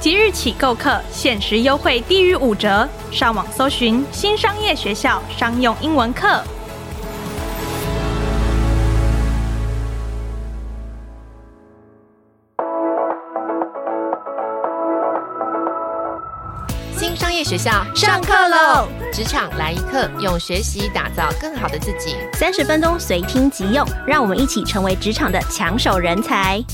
即日起購課限時優惠低於五折，上網搜尋新商業學校商用英文課。新商業學校上課嘍！職場來一課，用學習打造更好的自己。三十分鐘隨聽即用，讓我們一起成為職場的搶手人才。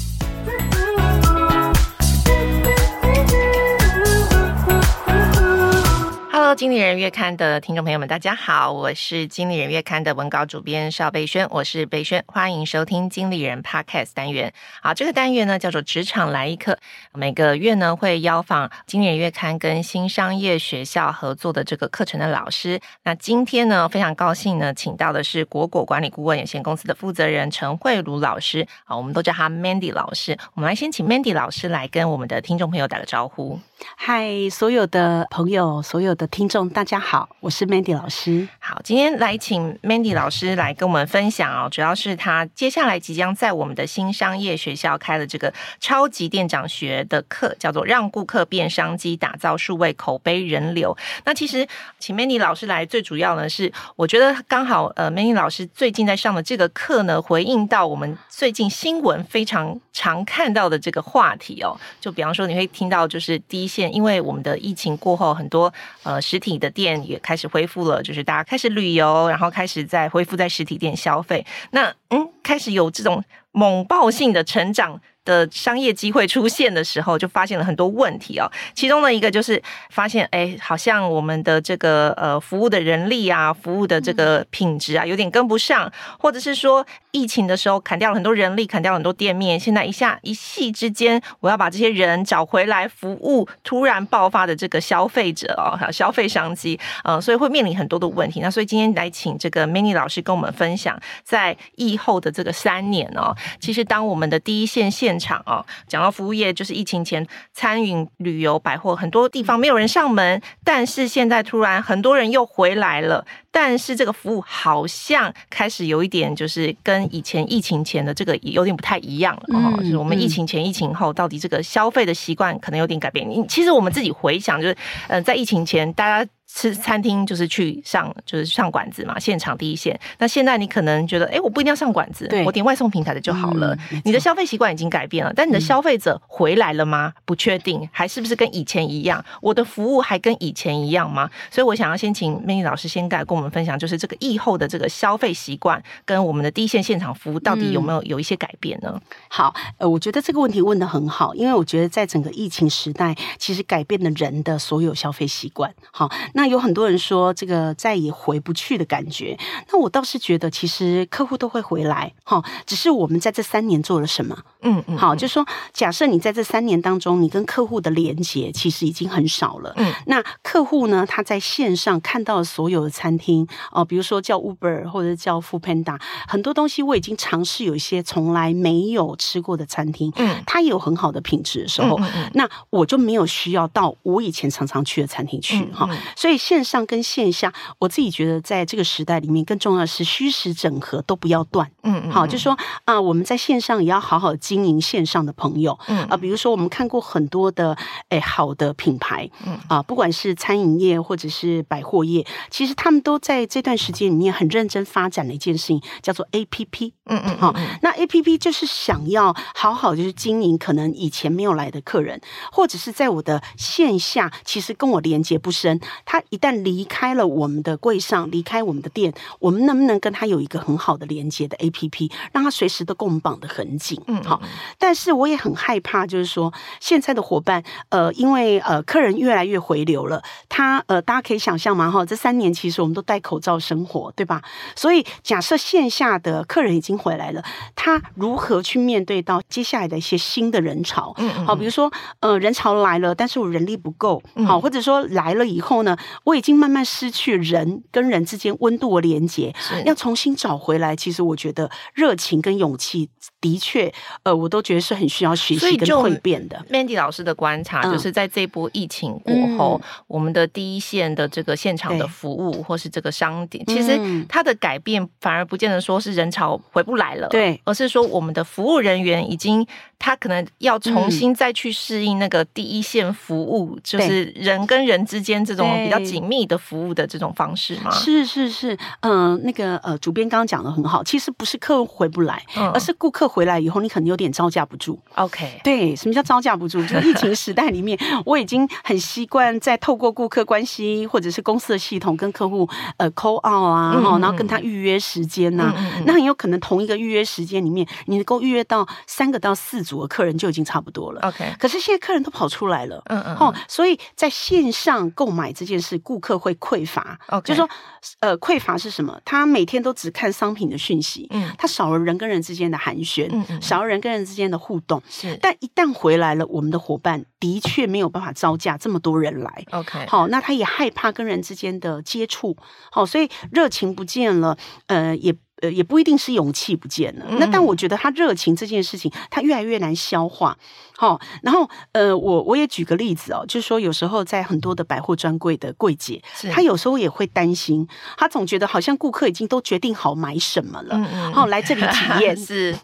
Hello, 經理人月刊的聽眾朋友們，大家好，我是經理人月刊的文稿主編邵蓓宣，我是蓓宣，歡迎收聽經理人 Podcast 單元。好，這個單元呢叫做職場來一課，每個月呢會邀訪經理人月刊跟新商業學校合作的這個課程的老師。那今天呢非常高興呢，請到的是果果管理顧問有限公司的負責人陳慧如老師，啊，我們都叫她 Mandy 老師。我們來先請 Mandy 老師來跟我們的聽眾朋友打個招呼。嗨，所有的朋友，所有的。聽眾大家好，我是 Mandy 老師。好，今天來請 Mandy 老師來跟我們分享哦，主要是他接下來即將在我們的新商業學校開了這個超級店長學的課，叫做“讓顧客變商機，打造數位口碑人流”。那其實請 Mandy 老師來，最主要呢是我覺得剛好呃，Mandy 老師最近在上的這個課呢，回應到我們最近新聞非常常看到的這個話題哦。就比方說你會聽到就是第一線，因為我們的疫情過後很多呃。實體的店也開始恢復了，就是大家開始旅遊，然後開始在恢復在實體店消費。那嗯，開始有這種猛爆性的成長。的商業機會出現的時候，就發現了很多問題哦。其中的一個就是發現，哎、欸，好像我們的這個呃服務的人力啊，服務的這個品質啊，有點跟不上，或者是說疫情的時候砍掉了很多人力，砍掉了很多店面，現在一下一夕之間，我要把這些人找回來服務突然爆發的這個消費者哦，消費商機，嗯、呃，所以會面臨很多的問題。那所以今天來請這個 Mandy 老師跟我們分享，在疫後的這個三年哦，其實當我們的第一線線。場哦，講到服務業，就是疫情前餐飲、旅遊、百貨很多地方沒有人上門，但是現在突然很多人又回來了，但是這個服務好像開始有一點，就是跟以前疫情前的這個有點不太一樣了。嗯，就是我們疫情前、疫情後到底這個消費的習慣可能有點改變。你其實我們自己回想，就是嗯，呃，在疫情前大家。吃餐廳就是去上就是上館子嘛，現場第一線。那現在你可能覺得，哎、欸，我不一定要上館子，我點外送平台的就好了。嗯、你的消費習慣已經改變了，但你的消費者回來了嗎？不確定，還是不是跟以前一樣？我的服務還跟以前一樣嗎？所以我想要先請 Mandy 老師先來跟我們分享，就是這個疫後的這個消費習慣跟我們的第一線現場服務到底有沒有有一些改變呢、嗯？好，呃，我覺得這個問題問得很好，因為我覺得在整個疫情時代，其實改變了人的所有消費習慣。好。那有很多人說這個再也回不去的感覺，那我倒是覺得其實客戶都會回來哈，只是我們在這三年做了什麼？嗯嗯，嗯，好，就是說假設你在這三年當中，你跟客戶的連結其實已經很少了。嗯，那客戶呢，他在線上看到所有的餐廳哦，比如說叫 Uber 或者叫 Food Panda，很多東西我已經嘗試有一些從來沒有吃過的餐廳，嗯，它也有很好的品質的時候，嗯嗯嗯，那我就沒有需要到我以前常常去的餐廳去哈。嗯嗯所以線上跟線下，我自己覺得在這個時代裡面，更重要的是虛實整合都不要斷。嗯，嗯，嗯好，就是說啊、呃，我們在線上也要好好經營線上的朋友。嗯、呃、啊，比如說我們看過很多的誒、欸、好的品牌。嗯、呃、啊，不管是餐飲業或者是百貨業，其實他們都在這段時間裡面很認真發展了一件事情，叫做 A P P。嗯嗯，嗯嗯，好，那 A P P 就是想要好好就是經營，可能以前沒有來的客人，或者是在我的線下其實跟我連接不深他一旦離開了我們的櫃上，離開我們的店，我們能不能跟他有一個很好的連接的 APP，讓他隨時都跟我們綁得很緊？嗯，嗯，好。但是我也很害怕，就是說現在的夥伴，呃，因為呃，客人越來越回流了，他呃，大家可以想象嘛，哈，這三年其實我們都戴口罩生活，對吧？所以假設線下的客人已經回來了，他如何去面對到接下來的一些新的人潮？嗯，嗯，好，比如說呃，人潮來了，但是我人力不夠，好，嗯，或者說來了以後呢？我已經慢慢失去人跟人之間溫度的連接，要重新找回來。其實我覺得熱情跟勇氣的確，呃，我都覺得是很需要學習跟蛻變的。Mandy 老師的觀察，嗯，就是在這波疫情過後，嗯，我們的第一線的這個現場的服務或是這個商店，其實它的改變反而不見得說是人潮回不來了，對，而是說我們的服務人員已經他可能要重新再去適應那個第一線服務，嗯，就是人跟人之間這種比較。緊密的服務的這種方式嗎？是是是，嗯、呃，那個呃，主編剛剛講的很好，其實不是客戶回不來，oh. 而是顧客回來以後，你可能有點招架不住。OK，對，什麼叫招架不住？就是、疫情時代裡面， 我已經很習慣在透過顧客關係或者是公司的系統跟客戶呃 call out 啊，mm -hmm. 然後跟他預約時間吶、啊，mm -hmm. 那很有可能同一個預約時間裡面，你能夠預約到三個到四組的客人就已經差不多了。OK，可是現在客人都跑出來了，嗯、mm、嗯 -hmm. 哦，所以在線上購買這件事。是顧客會匱乏，okay. 就是說，呃，匱乏是什麼？他每天都只看商品的訊息，嗯，他少了人跟人之間的寒暄，嗯嗯，少了人跟人之間的互動，是。但一旦回來了，我們的夥伴的確沒有辦法招架這麼多人來，OK，好，那他也害怕跟人之間的接觸，好，所以熱情不見了，呃，也。呃，也不一定是勇氣不見了，嗯嗯，那但我覺得他熱情這件事情，他越來越難消化。好，然後呃，我我也舉個例子哦，就是說有時候在很多的百貨專櫃的櫃姐，她有時候也會擔心，她總覺得好像顧客已經都決定好買什麼了，嗯嗯，來這裡體驗是是，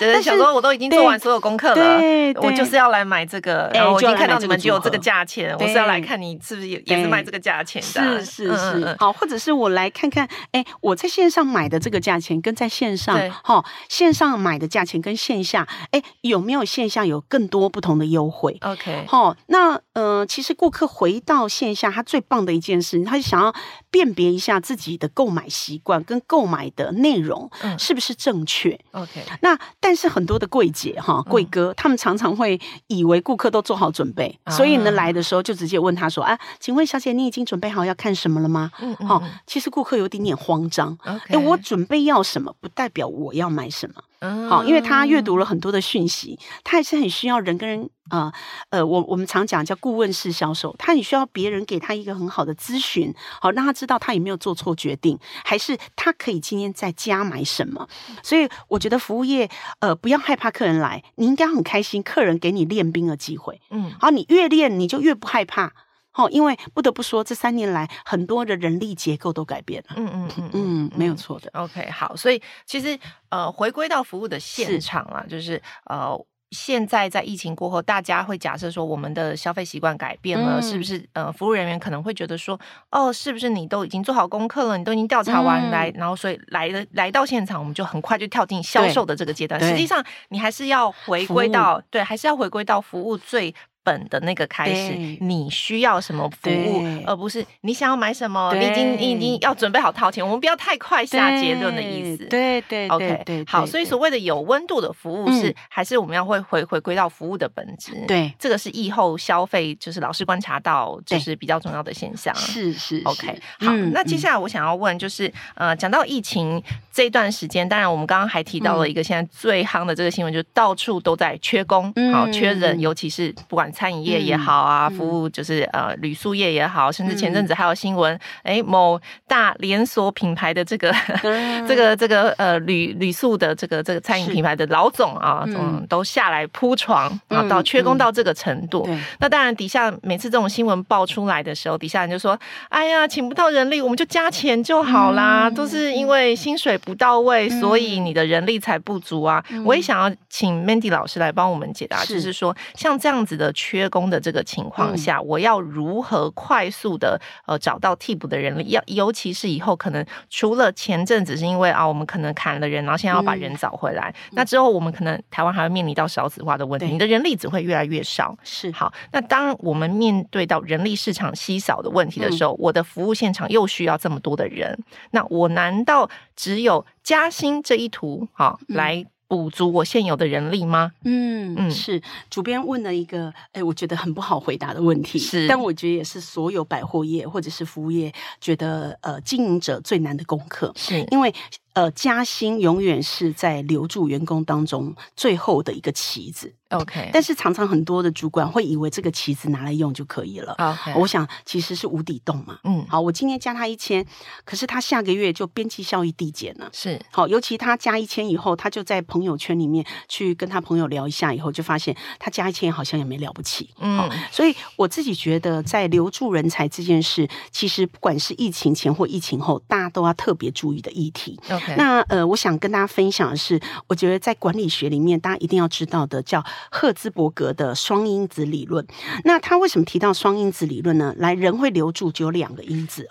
但是想說我都已經做完所有功課了對對對，我就是要來買這個，然後我看到你們只有這個價錢，我是要來看你是不是也也是賣這個價錢的，啊，是是是，嗯，好，或者是我來看看，哎、欸，我在線上買的這個價。價錢跟在線上，對，哦，線上買的價錢跟線下，哎，欸，有沒有線下有更多不同的優惠？OK，哦，那。嗯、呃，其實顧客回到線下，他最棒的一件事，他就想要辨別一下自己的購買習慣跟購買的內容是不是正確。嗯、OK，那但是很多的櫃姐哈、哦嗯、櫃哥，他們常常會以為顧客都做好準備，嗯、所以呢來的時候就直接問他說啊：“啊，請問小姐，你已經準備好要看什麼了嗎？”嗯嗯、哦、嗯，其實顧客有點點慌張。哎、Okay，我準備要什麼，不代表我要買什麼。 好，因為他閱讀了很多的訊息，他還是很需要人跟人啊、呃，呃，我我們常講叫顧問式銷售，他很需要別人給他一個很好的諮詢，好讓他知道他有沒有做錯決定，還是他可以今天在家買什麼。 所以我覺得服務業，呃，不要害怕客人來，你應該很開心，客人給你練兵的機會。嗯， 好，你越練你就越不害怕。哦，因為不得不說，這三年來很多的人力結構都改變了。嗯嗯嗯嗯，沒有錯的。OK，好，所以其實呃，回歸到服務的現場了、啊，就是呃，現在在疫情過後，大家會假設說，我們的消費習慣改變了、嗯，是不是？呃，服務人員可能會覺得說，哦，是不是你都已經做好功課了，你都已經調查完來，嗯、然後所以來的來到現場，我們就很快就跳進銷售的這個階段。實際上，你還是要回歸到對，還是要回歸到服務最。本的那個開始，你需要什麼服務，而不是你想要買什麼，你已經你已經要準備好掏錢。我們不要太快下結論的意思。對對對，OK，對對對好。所以所謂的有溫度的服務是，嗯、還是我們要會回回歸到服務的本質。對，這個是疫後消費，就是老師觀察到就是比較重要的現象。是是 OK，是是好、嗯。那接下來我想要問就是，呃，講到疫情這段時間，當然我們剛剛還提到了一個現在最夯的這個新聞，嗯、就是到處都在缺工，好、嗯、缺人，尤其是不管。餐飲業也好啊、嗯嗯，服務就是呃，旅宿業也好，甚至前陣子還有新聞，哎、嗯欸，某大連鎖品牌的這個、嗯、 這個這個呃旅旅宿的這個這個餐飲品牌的老總啊，嗯，都下來鋪床啊，到缺工到這個程度、嗯嗯。那當然底下每次這種新聞爆出來的時候，底下人就說：“哎呀，請不到人力，我們就加錢就好啦。嗯”都是因為薪水不到位，所以你的人力才不足啊。嗯、我也想要請 Mandy 老師來幫我們解答，是就是說像這樣子的。缺工的這個情況下，嗯、我要如何快速的呃找到替補的人力？要尤其是以後可能除了前陣子是因為啊、哦、我們可能砍了人，然後現在要把人找回來、嗯。那之後我們可能台灣還會面臨到少子化的問題，嗯、你的人力只會越來越少。是好，那當我們面對到人力市場稀少的問題的時候、嗯，我的服務現場又需要這麼多的人，那我難道只有加薪這一途哈，來、哦。嗯補足我現有的人力嗎？嗯嗯，是。主編問了一個，哎、欸，我覺得很不好回答的問題。是，但我覺得也是所有百貨業或者是服務業覺得，呃，經營者最難的功課。是，因為。呃，加薪永遠是在留住員工當中最後的一個棋子。OK，但是常常很多的主管會以為這個棋子拿來用就可以了。OK，哦，我想其實是無底洞嘛。嗯，好，我今天加他一千，可是他下個月就邊際效益遞減了。是，好，哦，尤其他加一千以後，他就在朋友圈裡面去跟他朋友聊一下，以後就發現他加一千好像也沒了不起。嗯，哦，所以我自己覺得在留住人才這件事，其實不管是疫情前或疫情後，大家都要特別注意的議題。嗯。那呃，我想跟大家分享的是，我覺得在管理學裡面，大家一定要知道的叫赫茲伯格的雙因子理論。那他為什麼提到雙因子理論呢？來，人會留住只有兩個因子，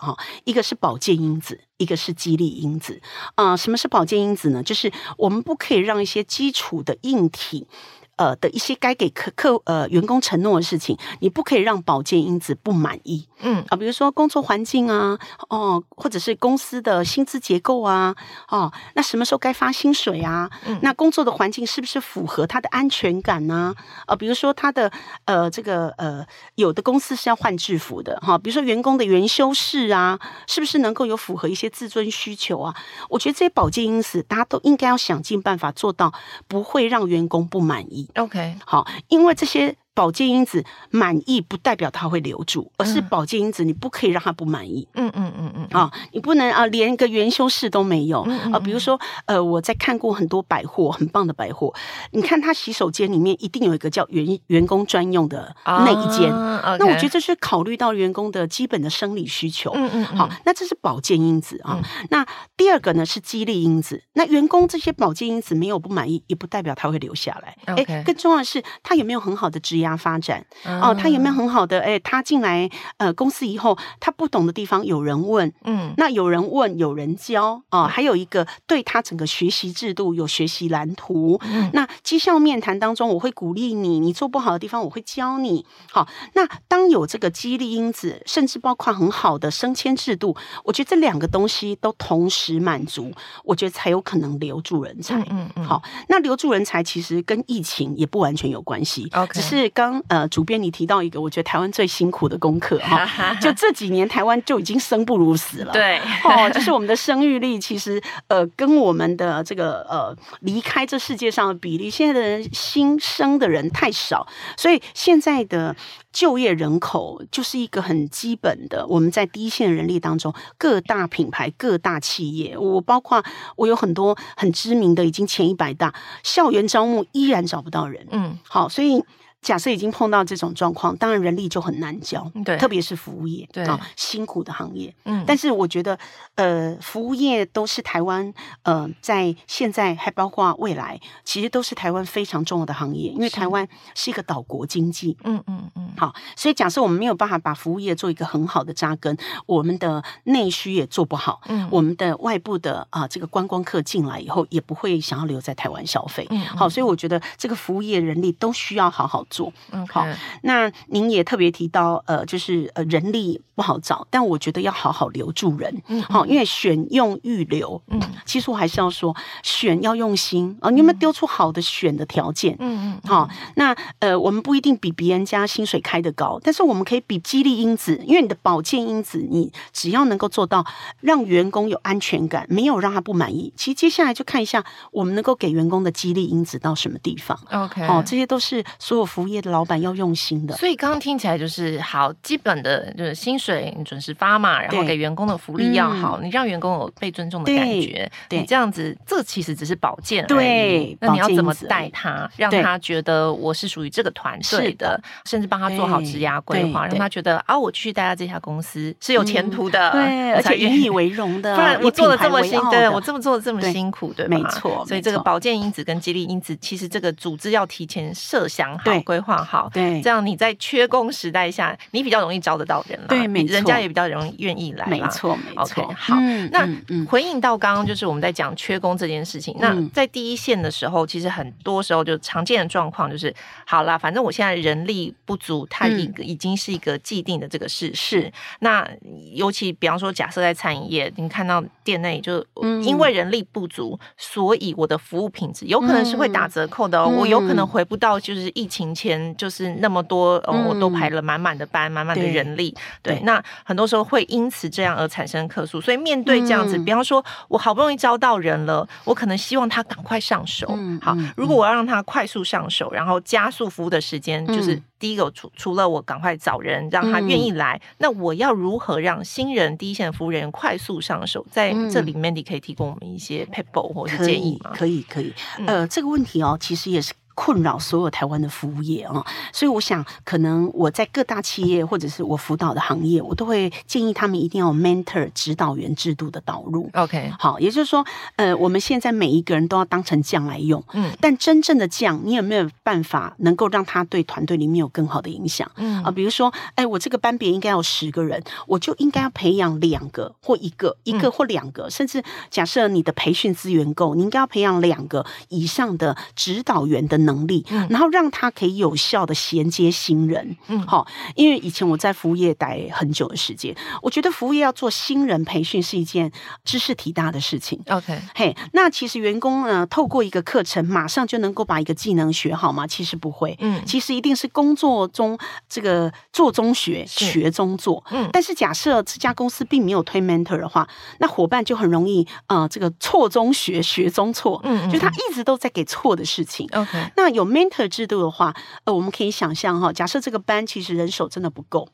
一個是保健因子，一個是激勵因子啊、呃。什麼是保健因子呢？就是我們不可以讓一些基礎的硬體。呃的一些該給客客呃，呃員工承諾的事情，你不可以讓保健因子不滿意。嗯、呃、啊，比如說工作環境啊，哦，或者是公司的薪資結構啊，哦，那什麼時候該發薪水啊？嗯、那工作的環境是不是符合他的安全感呢、啊？啊、呃，比如說他的呃這個呃，有的公司是要換制服的哈、哦，比如說員工的原修飾啊，是不是能夠有符合一些自尊需求啊？我覺得這些保健因子，大家都應該要想盡辦法做到，不會讓員工不滿意。OK，好，因為這些。保健因子滿意不代表他會留住，而是保健因子你不可以讓他不滿意。嗯嗯嗯嗯啊，你不能啊、呃，連一個員休室都沒有、嗯嗯、啊。比如說呃，我在看過很多百貨，很棒的百貨，你看他洗手間裡面一定有一個叫員員工專用的內衣間。那我覺得這是考慮到員工的基本的生理需求。嗯嗯。好、嗯啊，那這是保健因子啊、嗯。那第二個呢是激勵因子。那員工這些保健因子沒有不滿意，也不代表他會留下來。哎、嗯欸，更重要的是他有沒有很好的職業。家發展哦，他有沒有很好的？哎、欸，他進來呃公司以後，他不懂的地方有人問，嗯，那有人問，有人教啊、哦嗯，還有一個對他整個學習制度有學習藍圖。嗯、那績效面談當中，我會鼓勵你，你做不好的地方我會教你。好，那當有這個激勵因子，甚至包括很好的升遷制度，我覺得這兩個東西都同時滿足，我覺得才有可能留住人才。嗯嗯，嗯，好，那留住人才其實跟疫情也不完全有關係，okay. 只是。剛呃，主編你提到一個，我覺得台灣最辛苦的功課哈、 哦，就這幾年台灣就已經生不如死了。對， 哦，就是我們的生育力。其實呃，跟我們的這個呃離開這世界上的比例，現在的人新生的人太少，所以現在的就業人口就是一個很基本的，我們在第一線人力當中，各大品牌、各大企業，我包括我有很多很知名的，已經前一百大，校園招募依然找不到人。嗯，好、哦，所以。假設已經碰到這種狀況，當然人力就很難交，對，特別是服務業，對、哦、辛苦的行業。嗯，但是我覺得，呃，服務業都是台灣，嗯、呃，在現在還包括未來，其實都是台灣非常重要的行業，因為台灣是一個島國經濟。嗯嗯嗯。好，所以假設我們沒有辦法把服務業做一個很好的扎根，我們的內需也做不好，嗯，我們的外部的啊、呃，這個觀光客進來以後也不會想要留在台灣消費。嗯，嗯，好，所以我覺得這個服務業人力都需要好好做。做、okay. 嗯好，那您也特別提到呃，就是呃，人力不好找，但我覺得要好好留住人。嗯好、哦，因為選用預留。嗯，其實我還是要說選要用心啊，哦、你有沒有丟出好的選的條件。嗯嗯好、哦，那呃，我們不一定比別人家薪水開得高，但是我們可以比激勵因子，因為你的保健因子，你只要能夠做到讓員工有安全感，沒有讓他不滿意，其實接下來就看一下我們能夠給員工的激勵因子到什麼地方 OK 哦，這些都是所有。服務業的老闆要用心的，所以剛剛聽起來就是好基本的，就是薪水你準時發嘛，然後給員工的福利要好，嗯、你讓員工有被尊重的感覺對，你這樣子，這其實只是保健而已，對。那你要怎麼帶他，讓他覺得我是屬於這個團隊的，甚至幫他做好職涯規劃，讓他覺得啊，我去待在這家公司是有前途的，對，而且引以為榮的。對，不然我做的這麼辛，對，我這麼做的這麼辛苦，對，對吧？沒錯。所以這個保健因子跟激勵因子，其實這個組織要提前設想好。規劃好，對，這樣你在缺工時代下，你比較容易招得到人來，對，人家也比較容易願意來，沒錯，沒錯。Okay, 嗯、好、嗯，那回應到剛剛就是我們在講缺工這件事情，嗯。那在第一線的時候，其實很多時候就常見的狀況就是，好啦，反正我現在人力不足，它已，嗯、已經是一個既定的這個事實。那尤其比方說，假設在餐飲業，你看到店內就，嗯、因為人力不足，所以我的服務品質有可能是會打折扣的，哦嗯，我有可能回不到就是疫情。前就是那麼多，哦、我都排了滿滿的班，滿、嗯、滿的人力對對。對，那很多時候會因此這樣而產生客訴，所以面對這樣子，嗯、比方說我好不容易招到人了，我可能希望他趕快上手。嗯、好、嗯，如果我要讓他快速上手，然後加速服務的時間、嗯，就是第一個，除除了我趕快找人讓他願意來、嗯，那我要如何讓新人第一線服務人員快速上手？在這裡，Mandy 可以提供我們一些撇步或者建議嗎？可？可以，可以，呃，這個問題哦，其實也是。困擾所有台灣的服務業啊，所以我想，可能我在各大企業或者是我輔導的行業，我都會建議他們一定要有 mentor 指導員制度的導入。OK，好，也就是說，呃，我們現在每一個人都要當成將來用。嗯。但真正的將，你有沒有辦法能夠讓他對團隊裡面有更好的影響？嗯。啊，比如說，哎、欸，我這個班別應該有十個人，我就應該要培養兩個或一個，嗯、一個或兩個，甚至假設你的培訓資源夠，你應該要培養兩個以上的指導員的。能力，然後讓他可以有效的銜接新人，嗯，好，因為以前我在服務業待很久的時間，我覺得服務業要做新人培訓是一件茲事體大的事情。OK，hey, 那其實員工呢，呃，透過一個課程，馬上就能夠把一個技能學好嗎？其實不會，嗯，其實一定是工作中這個做中學，學中做，嗯。但是假設這家公司並沒有推 mentor 的話，那夥伴就很容易啊，呃，這個錯中學學中錯，嗯，嗯，就他一直都在給錯的事情，OK。那有 mentor 制度的話，呃，我們可以想象哈、哦，假設這個班其實人手真的不夠，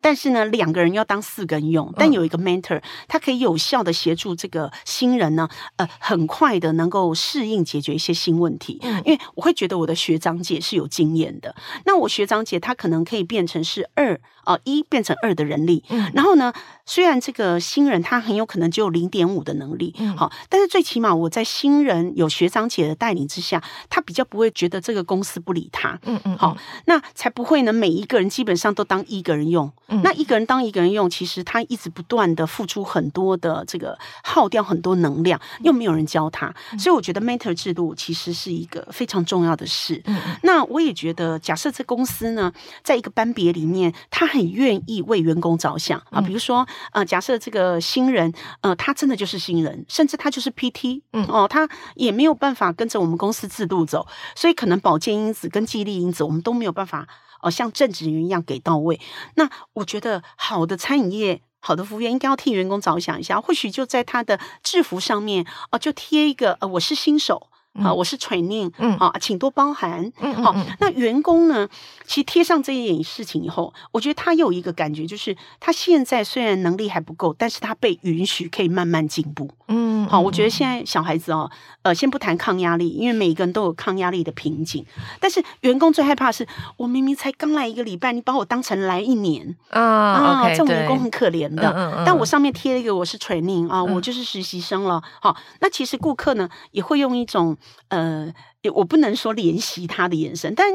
但是呢，兩個人要當四個人用，但有一個 mentor，他可以有效地協助這個新人呢，呃，很快的能夠適應，解決一些新問題。嗯、因為我會覺得我的學長姐是有經驗的，那我學長姐她可能可以變成是二，啊、呃，一變成二的人力，嗯、然後呢，雖然這個新人他很有可能只有零點五的能力，好、嗯，但是最起碼我在新人有學長姐的帶領之下，他比較不會覺得這個公司不理他，嗯嗯，好、嗯哦，那才不會呢。每一個人基本上都當一個人用，嗯、那一個人當一個人用，其實他一直不斷的付出很多的這個耗掉很多能量，又沒有人教他，所以我覺得 Mentor 制度其實是一個非常重要的事。嗯嗯、那我也覺得，假設這公司呢，在一個班別裡面，他很願意為員工着想、嗯、啊，比如說。呃，假設這個新人，呃，他真的就是新人，甚至他就是 PT，嗯,嗯哦，他也沒有辦法跟着我們公司制度走，所以可能保健因子跟激勵因子我們都沒有辦法哦、呃，像正職人員一樣給到位。那我覺得好的餐飲業，好的服務員應該要替員工着想一下，或許就在他的制服上面哦、呃，就貼一個呃，我是新手。啊，我是 training，嗯，啊，請多包涵，嗯，好，那員工呢，其實貼上這一點事情以後，我覺得他有一個感覺，就是他現在雖然能力還不夠，但是他被允許可以慢慢進步。嗯，嗯，好，我覺得現在小孩子哦，呃，先不談抗壓力，因為每一個人都有抗壓力的瓶頸。但是員工最害怕是，我明明才剛來一個禮拜，你把我當成來一年、嗯、啊，OK，這種員工很可憐的，嗯嗯。但我上面貼了一個我是 training 啊，嗯，我就是實習生了。好，那其實顧客呢也會用一種呃，我不能說憐惜他的眼神，但。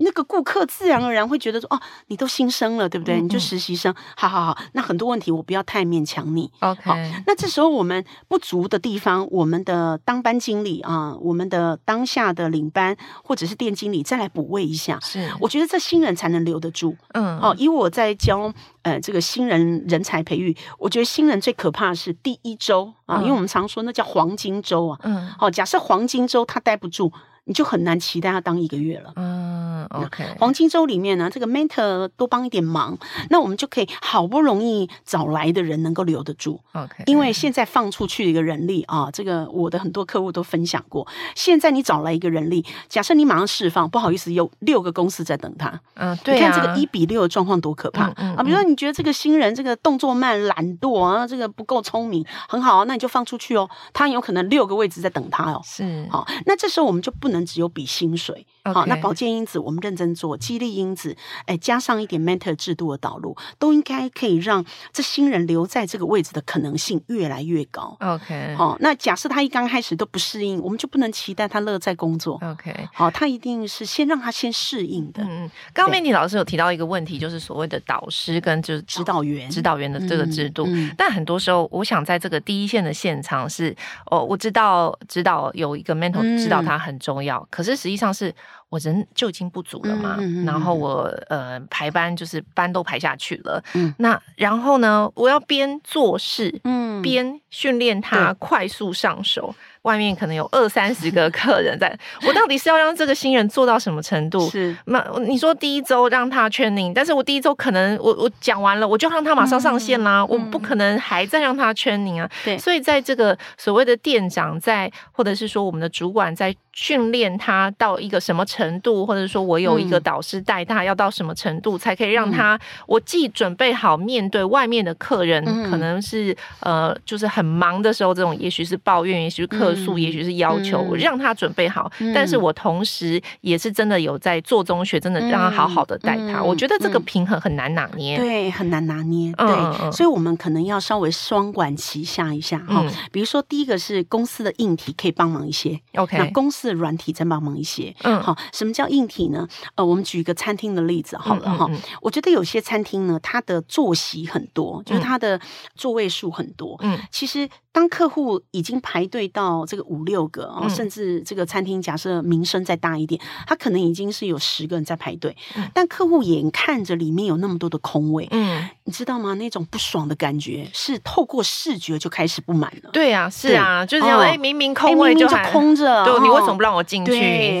那個顧客自然而然會覺得說：“哦，你都新生了，對不對？嗯，你就實習生，好好好。那很多問題我不要太勉強你。OK，哦，那這時候我們不足的地方，我們的當班經理啊，我們的當下的領班或者是店經理再來補位一下。是，我覺得這新人才能留得住。嗯，哦，因為我在教呃這個新人人才培育，我覺得新人最可怕的是第一周啊。嗯，因為我們常說那叫黃金周啊。嗯，哦，假設黃金周他待不住。你就很難期待他當一個月了。嗯，OK。黃金周裡面呢，這個 mentor 多幫一點忙，那我們就可以好不容易找來的人能夠留得住。OK。因為現在放出去一個人力啊，這個我的很多客戶都分享過。現在你找來一個人力，假設你馬上釋放，不好意思，有六個公司在等他。嗯，對啊。你看這個一比六的狀況多可怕。嗯嗯嗯，啊！比如說你覺得這個新人這個動作慢、懶惰啊，這個不夠聰明，很好啊，那你就放出去哦。他有可能六個位置在等他哦。是。好，啊，那這時候我們就不。不能只有比薪水。Okay. 好，那保健因子我們認真做，激勵因子，哎，加上一點 mentor 制度的導入，都應該可以讓這新人留在這個位置的可能性越來越高。OK，好，那假設他一剛開始都不適應，我們就不能期待他樂在工作。OK，好，他一定是先讓他先適應的。嗯，剛剛 Mandy 老師有提到一個問題，就是所謂的導師跟就是導指導員、指導員的這個制度，嗯嗯、但很多時候，我想在這個第一線的現場是，哦，我知道指導有一個 mentor，指導他很重要，嗯、可是實際上是。我人就已經不足了嘛，嗯嗯嗯、然後我呃排班就是班都排下去了，嗯、那然後呢，我要邊做事，嗯、邊訓練他快速上手。外面可能有二三十個客人，在 我到底是要讓這個新人做到什麼程度？是那你說第一周讓他 training 但是我第一周可能我我講完了，我就讓他馬上上線啦、啊嗯，我不可能還在讓他 training 啊。對，所以在這個所謂的店長在，或者是說我們的主管在訓練他到一個什麼程度，或者說我有一個導師帶他要到什麼程度，才可以讓他、嗯、我既準備好面對外面的客人，嗯、可能是呃就是很忙的時候，這種也許是抱怨，嗯、也許是客人。數、嗯、也許是要求、嗯、我讓他準備好、嗯，但是我同時也是真的有在做中學，真的讓他好好的帶他、嗯嗯嗯，我覺得這個平衡很難拿捏，對，很難拿捏，嗯、對、嗯，所以我們可能要稍微雙管齊下一下哈、嗯。比如說，第一個是公司的硬體可以幫忙一些，OK，那公司的軟體再幫忙一些，嗯，好、嗯，什麼叫硬體呢？呃，我們舉一個餐廳的例子好了哈、嗯嗯嗯。我覺得有些餐廳呢，它的坐席很多，就是它的座位數很多。嗯，其實當客戶已經排隊到。哦、這個五六個啊、哦嗯，甚至這個餐廳假設名聲再大一點，他可能已經是有十個人在排隊、嗯。但客戶眼看着裡面有那麼多的空位，嗯，你知道嗎？那種不爽的感覺是透過視覺就開始不滿了。對啊，對，是啊，就是因為、哦、明明空位就是空着、哦，對，你為什麼不讓我進去？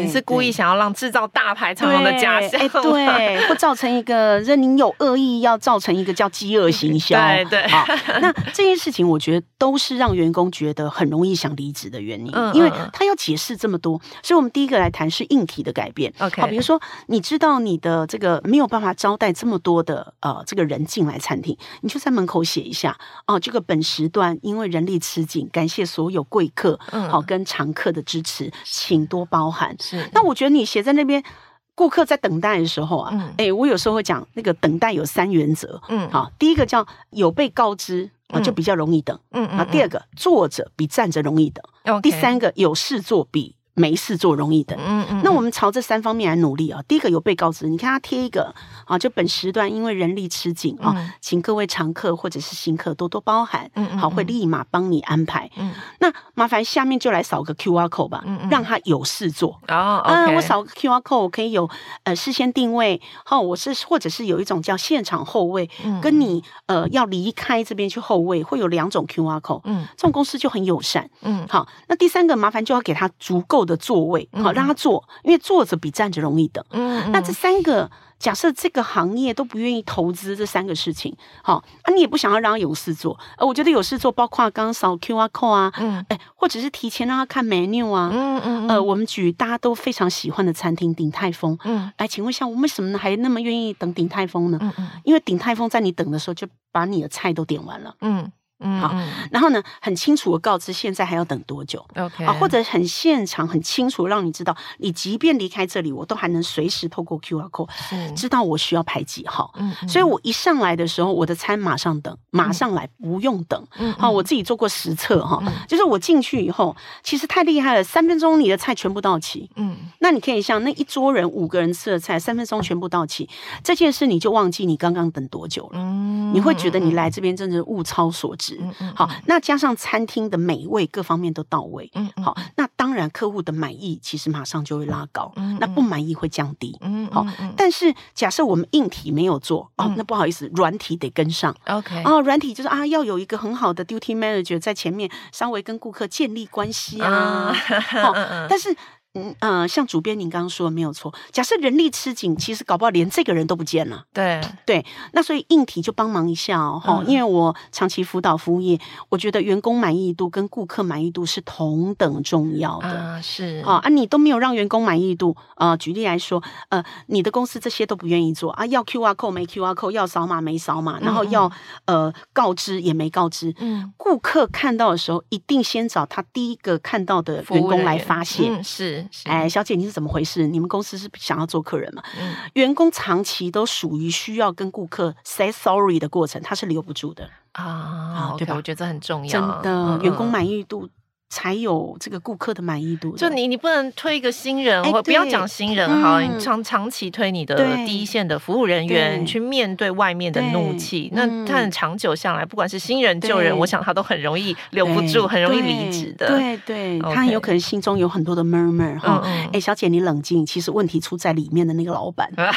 你是故意想要讓製造大排長龍的假象？對，對 會造成一個任你有惡意，要造成一個叫飢餓行銷。 對對，哦、 那這件事情我覺得都是讓員工覺得很容易想離職的的原因，因為他要解釋這麼多，所以我們第一個來談是硬體的改變。OK，好，比如說你知道你的這個沒有辦法招待這麼多的呃這個人進來餐廳，你就在門口寫一下，哦、呃，這個本時段因為人力吃緊，感謝所有貴客好、嗯哦、跟常客的支持，請多包涵。是，那我覺得你寫在那邊，顧客在等待的時候啊，誒、嗯欸，我有時候會講那個等待有三原則，嗯，好、哦，第一個叫有被告知。啊、嗯，就比較容易等。嗯啊，嗯嗯，第二個坐着比站着容易等。嗯嗯、第三個、嗯、有事做比，嗯嗯嗯沒事做容易的，嗯嗯，那我們朝這三方面來努力啊。第一個有被告知，你看他貼一個啊，就本時段因為人力吃緊啊、嗯，請各位常客或者是新客多多包涵，嗯，嗯好，會立馬幫你安排。嗯，那麻煩下面就來掃個 QR code 吧，嗯，嗯讓他有事做、哦 okay、啊。我掃個 QR code，我可以有呃事先定位，好、哦，我是或者是有一種叫現場候位、嗯，跟你呃要離開這邊去候位，會有兩種 QR code，嗯，這種公司就很友善，嗯，好，那第三個麻煩就要給他足夠的。的座位，好讓他坐，因為坐着比站着容易等、嗯嗯。那這三個假設，這個行業都不願意投資這三個事情，好、啊、那你也不想要讓他有事做。呃、我覺得有事做，包括剛剛掃 QR code 啊、嗯欸，或者是提前讓他看 menu 啊嗯嗯嗯，呃，我們舉大家都非常喜歡的餐廳鼎泰豐，來、嗯欸、請問一下，我們為什麼還那麼願意等鼎泰豐呢嗯嗯？因為鼎泰豐在你等的時候就把你的菜都點完了，嗯。嗯，嗯，好，然後呢，很清楚的告知現在還要等多久，OK，啊，或者很現場很清楚讓你知道，你即便離開這裡，我都還能隨時透過 QR Code 是知道我需要排幾號，嗯，嗯，所以我一上來的時候，我的餐馬上等，馬上來，嗯、不用等，嗯，嗯，好、啊，我自己做過實測哈、啊嗯嗯，就是我進去以後，其實太厲害了，三分鐘你的菜全部到齊，嗯，那你可以像那一桌人五個人吃的菜，三分鐘全部到齊，這件事你就忘記你剛剛等多久了，嗯，嗯，嗯，你會覺得你來這邊真的是物超所值。嗯嗯嗯好，那加上餐廳的美味各方面都到位，嗯，嗯，好，那當然客戶的滿意其實馬上就會拉高，嗯，嗯，那不滿意會降低，嗯，嗯，嗯，好，但是假設我們硬體沒有做，嗯、哦，那不好意思，軟體得跟上，OK，、哦、軟體就是啊，要有一個很好的 Duty Manager 在前面，稍微跟顧客建立關係啊，uh, 哦、但是。嗯嗯、呃，像主編您剛剛說的沒有錯。假設人力吃緊，其實搞不好連這個人都不見了。對對，那所以硬體就幫忙一下哦、嗯，因為我長期輔導服務業，我覺得員工滿意度跟顧客滿意度是同等重要的。啊，是啊、哦、啊，你都沒有讓員工滿意度啊、呃，舉例來說，呃，你的公司這些都不願意做啊，要 QR code 沒 QR code，要掃碼沒掃碼，然後要、嗯、呃告知也沒告知，嗯，顧客看到的時候一定先找他第一個看到的員工來發現。嗯、是。哎，小姐，你是怎麼回事？你們公司是想要做客人嘛？嗯、員工長期都屬於需要跟顧客 say sorry 的過程，他是留不住的啊。啊 okay, 對吧？我覺得這很重要，真的，員工滿意度、嗯。嗯才有這個顧客的滿意度。就你，你不能推一個新人，我不要講新人哈，哎、你長長期推你的第一線的服務人員去面對外面的怒氣，那他很長久下來，不管是新人舊人，我想他都很容易留不住，很容易離職的。對對，對 okay. 他很有可能心中有很多的 murmur 哈。哎、嗯嗯欸，小姐，你冷靜，其實問題出在裡面的那個老闆。 那，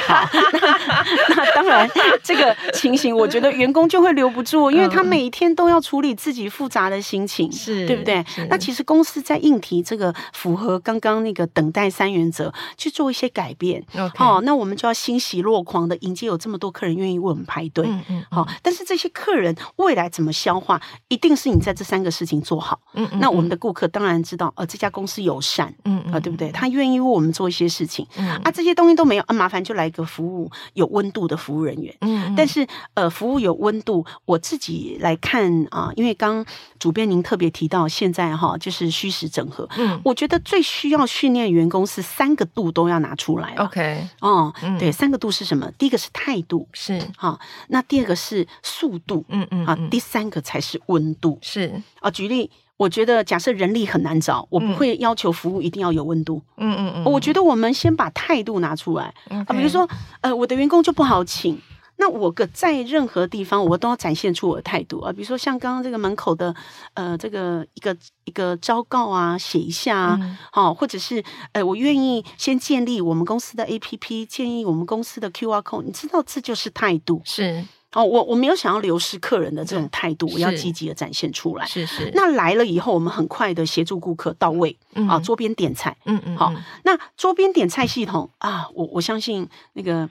那當然 這個情形，我覺得員工就會留不住，因為他每天都要處理自己複雜的心情，是對不對？那。其實公司在應提這個符合剛剛那個等待三原則去做一些改變，好、Okay. 哦，那我們就要欣喜若狂的迎接有這麼多客人願意為我們排隊，嗯嗯、嗯，好、哦，但是這些客人未來怎麼消化，一定是你在這三個事情做好，嗯、嗯、嗯，那我們的顧客當然知道，呃，這家公司友善，嗯、呃、啊，對不對？他願意為我們做一些事情，嗯、嗯啊，這些東西都沒有、啊、麻煩就來一個服務有溫度的服務人員，嗯、嗯、嗯，但是呃，服務有溫度，我自己來看啊、呃，因為剛、剛主編您特別提到現在哈。哦就是虛實整合，嗯，我覺得最需要訓練員工是三個度都要拿出來，OK，哦、嗯，對，三個度是什麼？第一個是態度，是哈、哦，那第二個是速度，嗯嗯、嗯，啊，第三個才是溫度，是啊。舉例，我覺得假設人力很難找，我不會要求服務一定要有溫度，嗯嗯嗯，我覺得我們先把態度拿出來，OK，啊，比如說，呃，我的員工就不好請。那我個在任何地方，我都要展現出我的態度啊！比如說像剛剛這個門口的，呃，這個一個一個招告啊，寫一下，啊，好、嗯，或者是，呃，我願意先建立我們公司的 APP，建議我們公司的 QR code，你知道，這就是態度，是哦，我我沒有想要流失客人的這種態度，我要積極的展現出來是，是是。那來了以後，我們很快的協助顧客到位，嗯，啊，桌邊點菜，嗯，嗯嗯，好，那桌邊點菜系統啊，我我相信那個。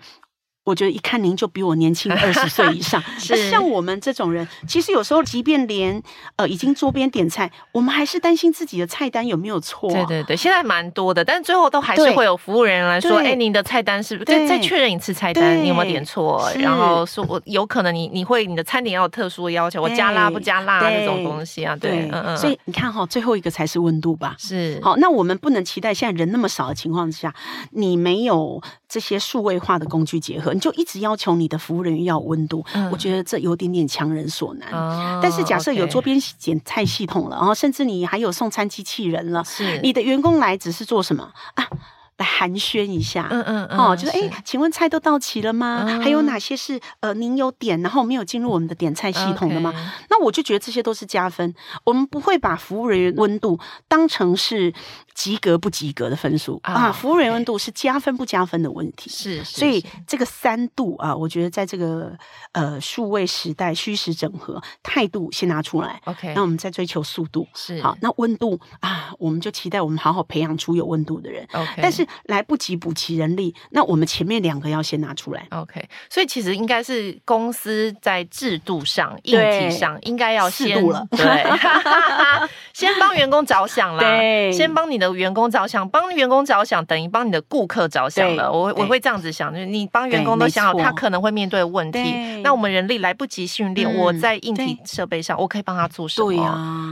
我覺得一看您就比我年輕二十歲以上。 是。那像我們這種人，其實有時候即便連呃已經桌邊點菜，我們還是擔心自己的菜單有沒有錯、啊。對對對，現在蠻多的，但最後都還是會有服務人員來說：“哎，您、欸、的菜單是不是對再再確認一次菜單，你有沒有點錯？”然後說：“我有可能你你會你的餐點要有特殊的要求，我加辣不加辣那種東西啊。對”對，嗯,嗯。所以你看哈，最後一個才是溫度吧？是。好，那我們不能期待現在人那麼少的情況下，你沒有這些數位化的工具結合。你就一直要求你的服務人員要有溫度，嗯，我覺得這有點點強人所難。哦、但是假設有桌邊點菜系統了，然、哦、後甚至你還有送餐機器人了，你的員工來只是做什麼啊？來寒暄一下，嗯嗯，嗯哦，就是哎、欸，請問菜都到齊了嗎？嗯、還有哪些是呃，您有點然後沒有進入我們的點菜系統的嗎？哦，okay。那我就覺得這些都是加分。我們不會把服務人員溫度當成是及格不及格的分數啊，服務員溫度是加分不加分的問題。是。是，所以這個三度啊，我覺得在這個呃數位時代，虛實整合，態度先拿出來。OK，那我們再追求速度。是，好，那溫度啊，我們就期待我們好好培養出有溫度的人。OK，但是來不及補齊人力，那我們前面兩個要先拿出來。OK，所以其實應該是公司在制度上、硬體上應該要適度了。對， 先幫員工着想啦，先幫你。的員工着想，幫員工着想，等於幫你的顧客着想了。我我會這樣子想，就是你幫員工都想好，他可能會面對問題。那我們人力來不及訓練，我在硬體設備上，我可以幫他做什麼？對，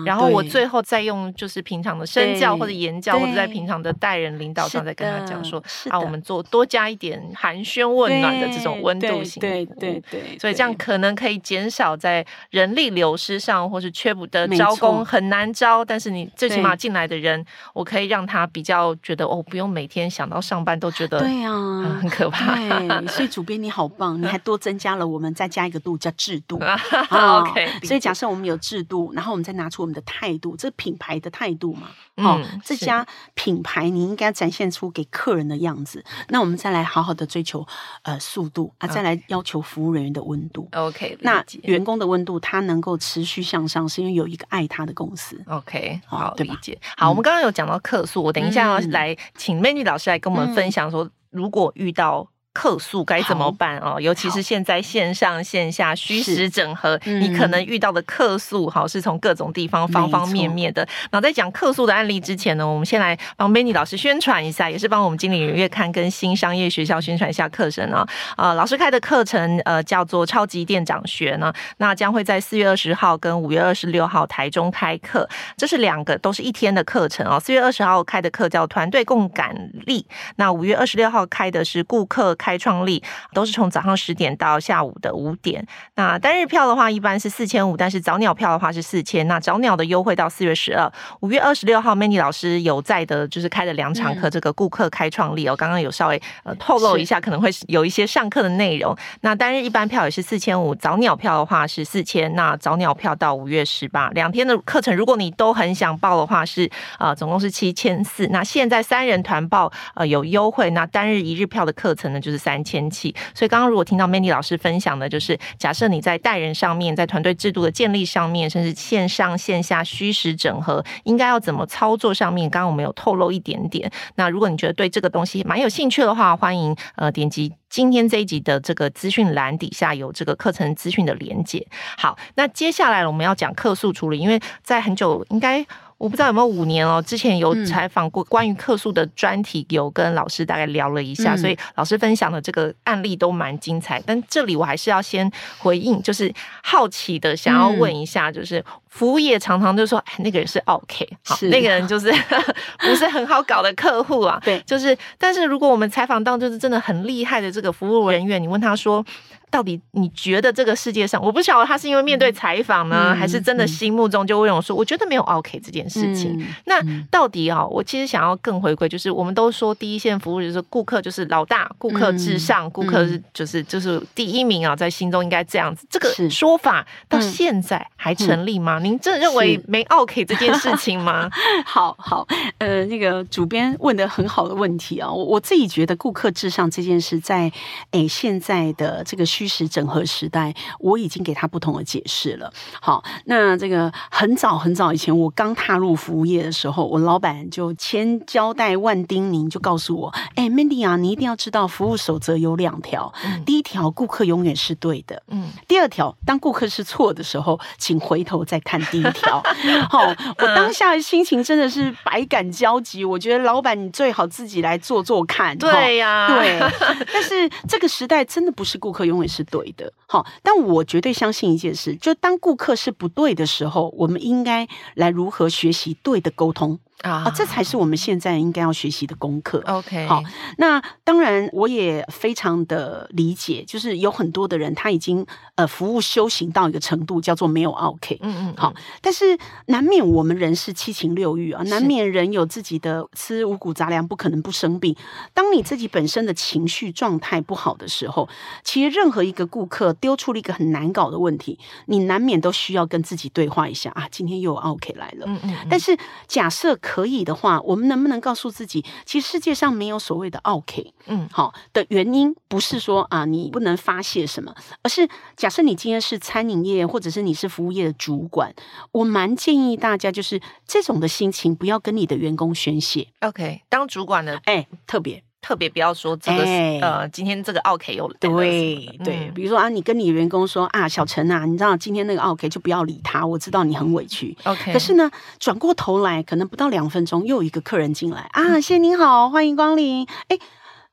然後我最後再用就是平常的身教或者言教，或者在平常的待人領導上，再跟他講說啊：啊，我們做多加一點寒暄問暖的這種溫度型服務。對、對、對，對，對，所以這樣可能可以減少在人力流失上，或是缺不得招工很難招。但是你最起碼進來的人，我可以。讓他比較覺得哦，不用每天想到上班都覺得對呀、啊嗯，很可怕對。所以主編你好棒， 你還多增加了，我們再加一個度叫制度 好好。OK，所以假設我們有制度，然後我們再拿出我們的態度，這品牌的態度嘛。哦、嗯，這家品牌你應該展現出給客人的樣子。那我們再來好好的追求呃速度啊，再來要求服務人員的溫度。OK，那員工的溫度他能夠持續向上，是因為有一個愛他的公司。OK，、哦、好，對吧？理解，好，我們剛剛有講到客訴、嗯，我等一下要來請美女老師來跟我們分享說，如果遇到。客訴該怎麼辦哦？尤其是現在線上線下虛實整合，你可能遇到的客訴哈，是從各種地方方方面面的。那在講客訴的案例之前呢，我們先來幫 Mandy 老師宣傳一下，也是幫我們《經理人月刊》跟新商業學校宣傳一下課程啊。啊、呃，老師開的課程呃叫做《超級店長學》呢，那將會在四月二十號跟五月二十六號台中開課，這是兩個都是一天的課程哦。四月二十號開的課叫團隊共感力，那五月二十六號開的是顧客開創力都是從早上十點到下午的五點。那單日票的話一般是四千五，但是早鳥票的話是四千。那早鳥的優惠到四月十二、五月二十六號，Mandy 老師有在的就是開了兩場課，這個顧客開創力哦，剛、嗯、剛有稍微呃透露一下，可能會有一些上課的內容。那單日一般票也是四千五，早鳥票的話是四千。那早鳥票到五月十八，兩天的課程，如果你都很想報的話是，是、呃、啊，總共是七千四。那現在三人團報呃有優惠，那單日一日票的課程呢就。就是三千七，所以剛剛如果聽到 Mandy 老師分享的，就是假設你在帶人上面，在團隊制度的建立上面，甚至線上線下虛實整合，應該要怎麼操作上面，剛剛我們有透露一點點。那如果你覺得對這個東西蠻有興趣的話，歡迎呃點擊今天這一集的這個資訊欄底下有這個課程資訊的連接。好，那接下來我們要講客訴處理，因為在很久應該。我不知道有沒有五年哦，之前有採訪過關於客訴的專題，有跟老師大概聊了一下，嗯，所以老師分享的這個案例都蠻精彩、嗯。但這裡我還是要先回應，就是好奇的想要問一下，就是、嗯、服務業常常就說、哎，那個人是 OK，是、啊、那個人就是 不是很好搞的客戶啊。對，就是，但是如果我們採訪到就是真的很厲害的這個服務人員，你問他說。到底你覺得這個世界上，我不曉得他是因為面對採訪呢、啊嗯，還是真的心目中就問我說，嗯、我覺得沒有 OK 這件事情、嗯。那到底啊，我其實想要更回歸，就是我們都說第一線服務就是顧客就是老大，顧客至上，嗯、顧客是就是就是第一名啊，在心中應該這樣子。這個說法到現在還成立嗎？您真的認為沒 OK 這件事情嗎？ 好好，呃，那個主編問的很好的問題啊，我我自己覺得顧客至上這件事在，在誒現在的這個。虛實整合時代，我已經給他不同的解釋了。好，那這個很早很早以前，我剛踏入服務業的時候，我老闆就千交代萬叮嚀，就告訴我：“哎、欸、，Mandy 啊，你一定要知道服務守則有兩條、嗯。第一條，顧客永遠是對的；嗯、第二條，當顧客是錯的時候，請回頭再看第一條。 ”好，我當下的心情真的是百感交集。我覺得老闆，你最好自己來做做看。對呀，對。但是這個時代真的不是顧客永遠。是對的，好，但我絕對相信一件事，就當顧客是不對的時候，我們應該來如何學習對的溝通。啊、哦，這才是我們現在應該要學習的功課。OK，好、哦，那當然我也非常的理解，就是有很多的人他已經呃服務修行到一個程度，叫做沒有 OK、嗯。嗯嗯，好、哦，但是難免我們人是七情六欲啊，難免人有自己的吃五谷雜糧，不可能不生病。當你自己本身的情緒狀態不好的時候，其實任何一個顧客丟出了一個很難搞的問題，你難免都需要跟自己對話一下啊。今天又有 OK 來了，嗯,嗯嗯，但是假設。可以的話，我們能不能告訴自己，其實世界上沒有所謂的奧客，嗯，好，的原因不是說啊，你不能發泄什麼，而是假設你今天是餐飲業或者是你是服務業的主管，我蠻建議大家就是這種的心情不要跟你的員工宣泄。OK，當主管的哎，特別。特別不要說這個、欸、呃，今天這個奧客我對對、嗯，比如說啊，你跟你員工說啊，小陳啊，你知道今天那個奧客就不要理他，我知道你很委屈。OK，可是呢，轉過頭來可能不到兩分鐘，又一個客人進來啊，先生您好，嗯，歡迎光臨。欸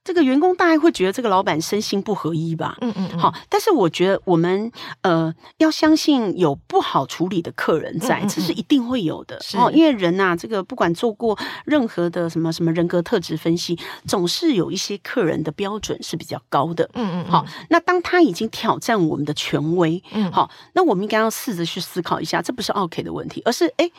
這個員工大概會覺得這個老闆身心不合一吧。嗯嗯，嗯。好，但是我覺得我們呃要相信有不好處理的客人在，嗯嗯嗯，這是一定會有的哦。因為人吶，這個不管做過任何的什麼什麼人格特質分析，總是有一些客人的標準是比較高的。嗯嗯，嗯。好，那當他已經挑戰我們的權威，嗯，嗯，好，那我們應該要試着去思考一下，這不是 OK 的問題，而是哎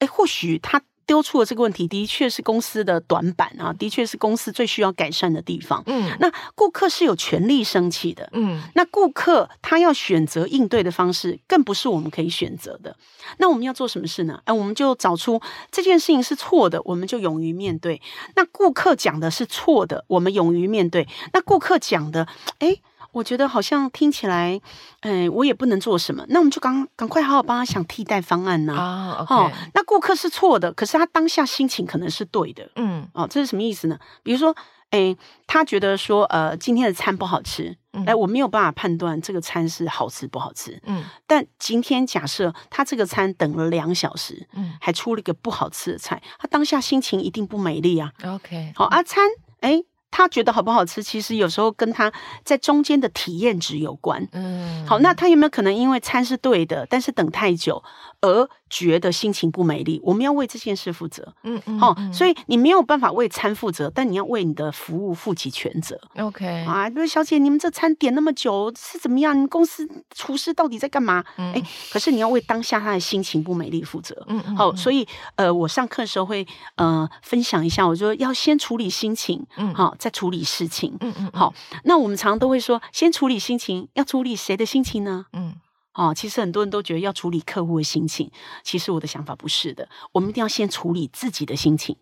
哎，或許他。丟出了這個問題，的確是公司的短板啊，的確是公司最需要改善的地方。嗯，那顧客是有權利生氣的，嗯，那顧客他要選擇應對的方式，更不是我們可以選擇的。那我們要做什麼事呢？哎，我們就找出這件事情是錯的，我們就勇於面對。那顧客講的是錯的，我們勇於面對。那顧客講的，哎。我覺得好像聽起來，嗯，我也不能做什麼。那我們就趕趕快好好幫他想替代方案吶。啊，oh, okay. 哦，那顧客是錯的，可是他當下心情可能是對的。嗯，哦，這是什麼意思呢？比如說，哎，他覺得說，呃，今天的餐不好吃。哎、嗯，我沒有辦法判斷這個餐是好吃不好吃。嗯，但今天假設他這個餐等了兩小時，嗯，還出了一個不好吃的菜，他當下心情一定不美麗啊。OK，好、哦，阿、啊、餐，哎。他覺得好不好吃，其實有時候跟他在中間的體驗值有關。嗯，好，那他有沒有可能因為餐是對的，但是等太久，而覺得心情不美麗，我們要為這件事負責。嗯嗯，好、哦，所以你沒有辦法為餐負責，但你要為你的服務負起全責。OK，啊，就是、小姐，你們這餐點那麼久是怎麼樣？你們公司廚師到底在幹嘛？嗯，誒，可是你要為當下他的心情不美麗負責。嗯嗯，好、哦，所以呃，我上課的時候會、呃、分享一下，我說要先處理心情，嗯，好、哦，再處理事情。嗯嗯，好、哦，那我們常常都會說，先處理心情，要處理誰的心情呢？嗯。哦，其實很多人都覺得要處理客戶的心情，其實我的想法不是的。我們一定要先處理自己的心情，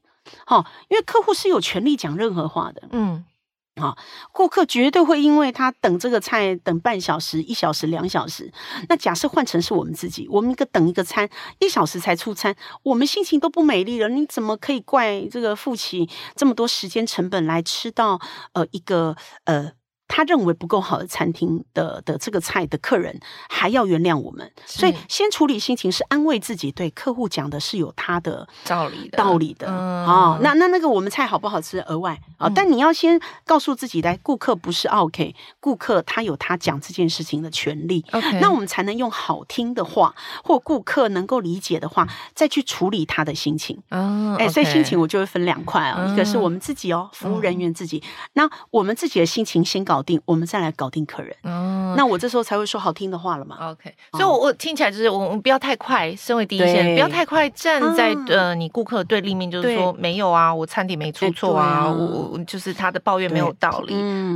好、哦，因為客戶是有權利講任何話的。嗯，好、哦，顧客絕對會因為他等這個菜等半小時、一小時、兩小時。那假設換成是我們自己，我們一個等一個餐一小時才出餐，我們心情都不美麗了。你怎麼可以怪這個父親這麼多時間成本來吃到呃一個呃？他認為不夠好的餐廳的的這個菜的客人還要原諒我們，所以先處理心情是安慰自己。對客戶講的是有他的道理的道理的、嗯、哦，那那那個我們菜好不好吃，額外啊、哦。但你要先告訴自己，來，顧客不是 OK，顧客他有他講這件事情的權利、okay。那我們才能用好聽的話或顧客能夠理解的話，再去處理他的心情。哎、嗯 okay 欸，所以心情我就會分兩塊啊，一個是我們自己哦，服務人員自己。嗯、那我們自己的心情先搞搞定，我們再來搞定客人、嗯。那我這時候才會說好聽的話了嘛。OK，、哦、所以，我我聽起來就是，我們不要太快，身為第一線，不要太快站在、嗯、呃你顧客對立面，就是說沒有啊，我餐廳沒出錯啊，、欸、啊，我就是他的抱怨沒有道理。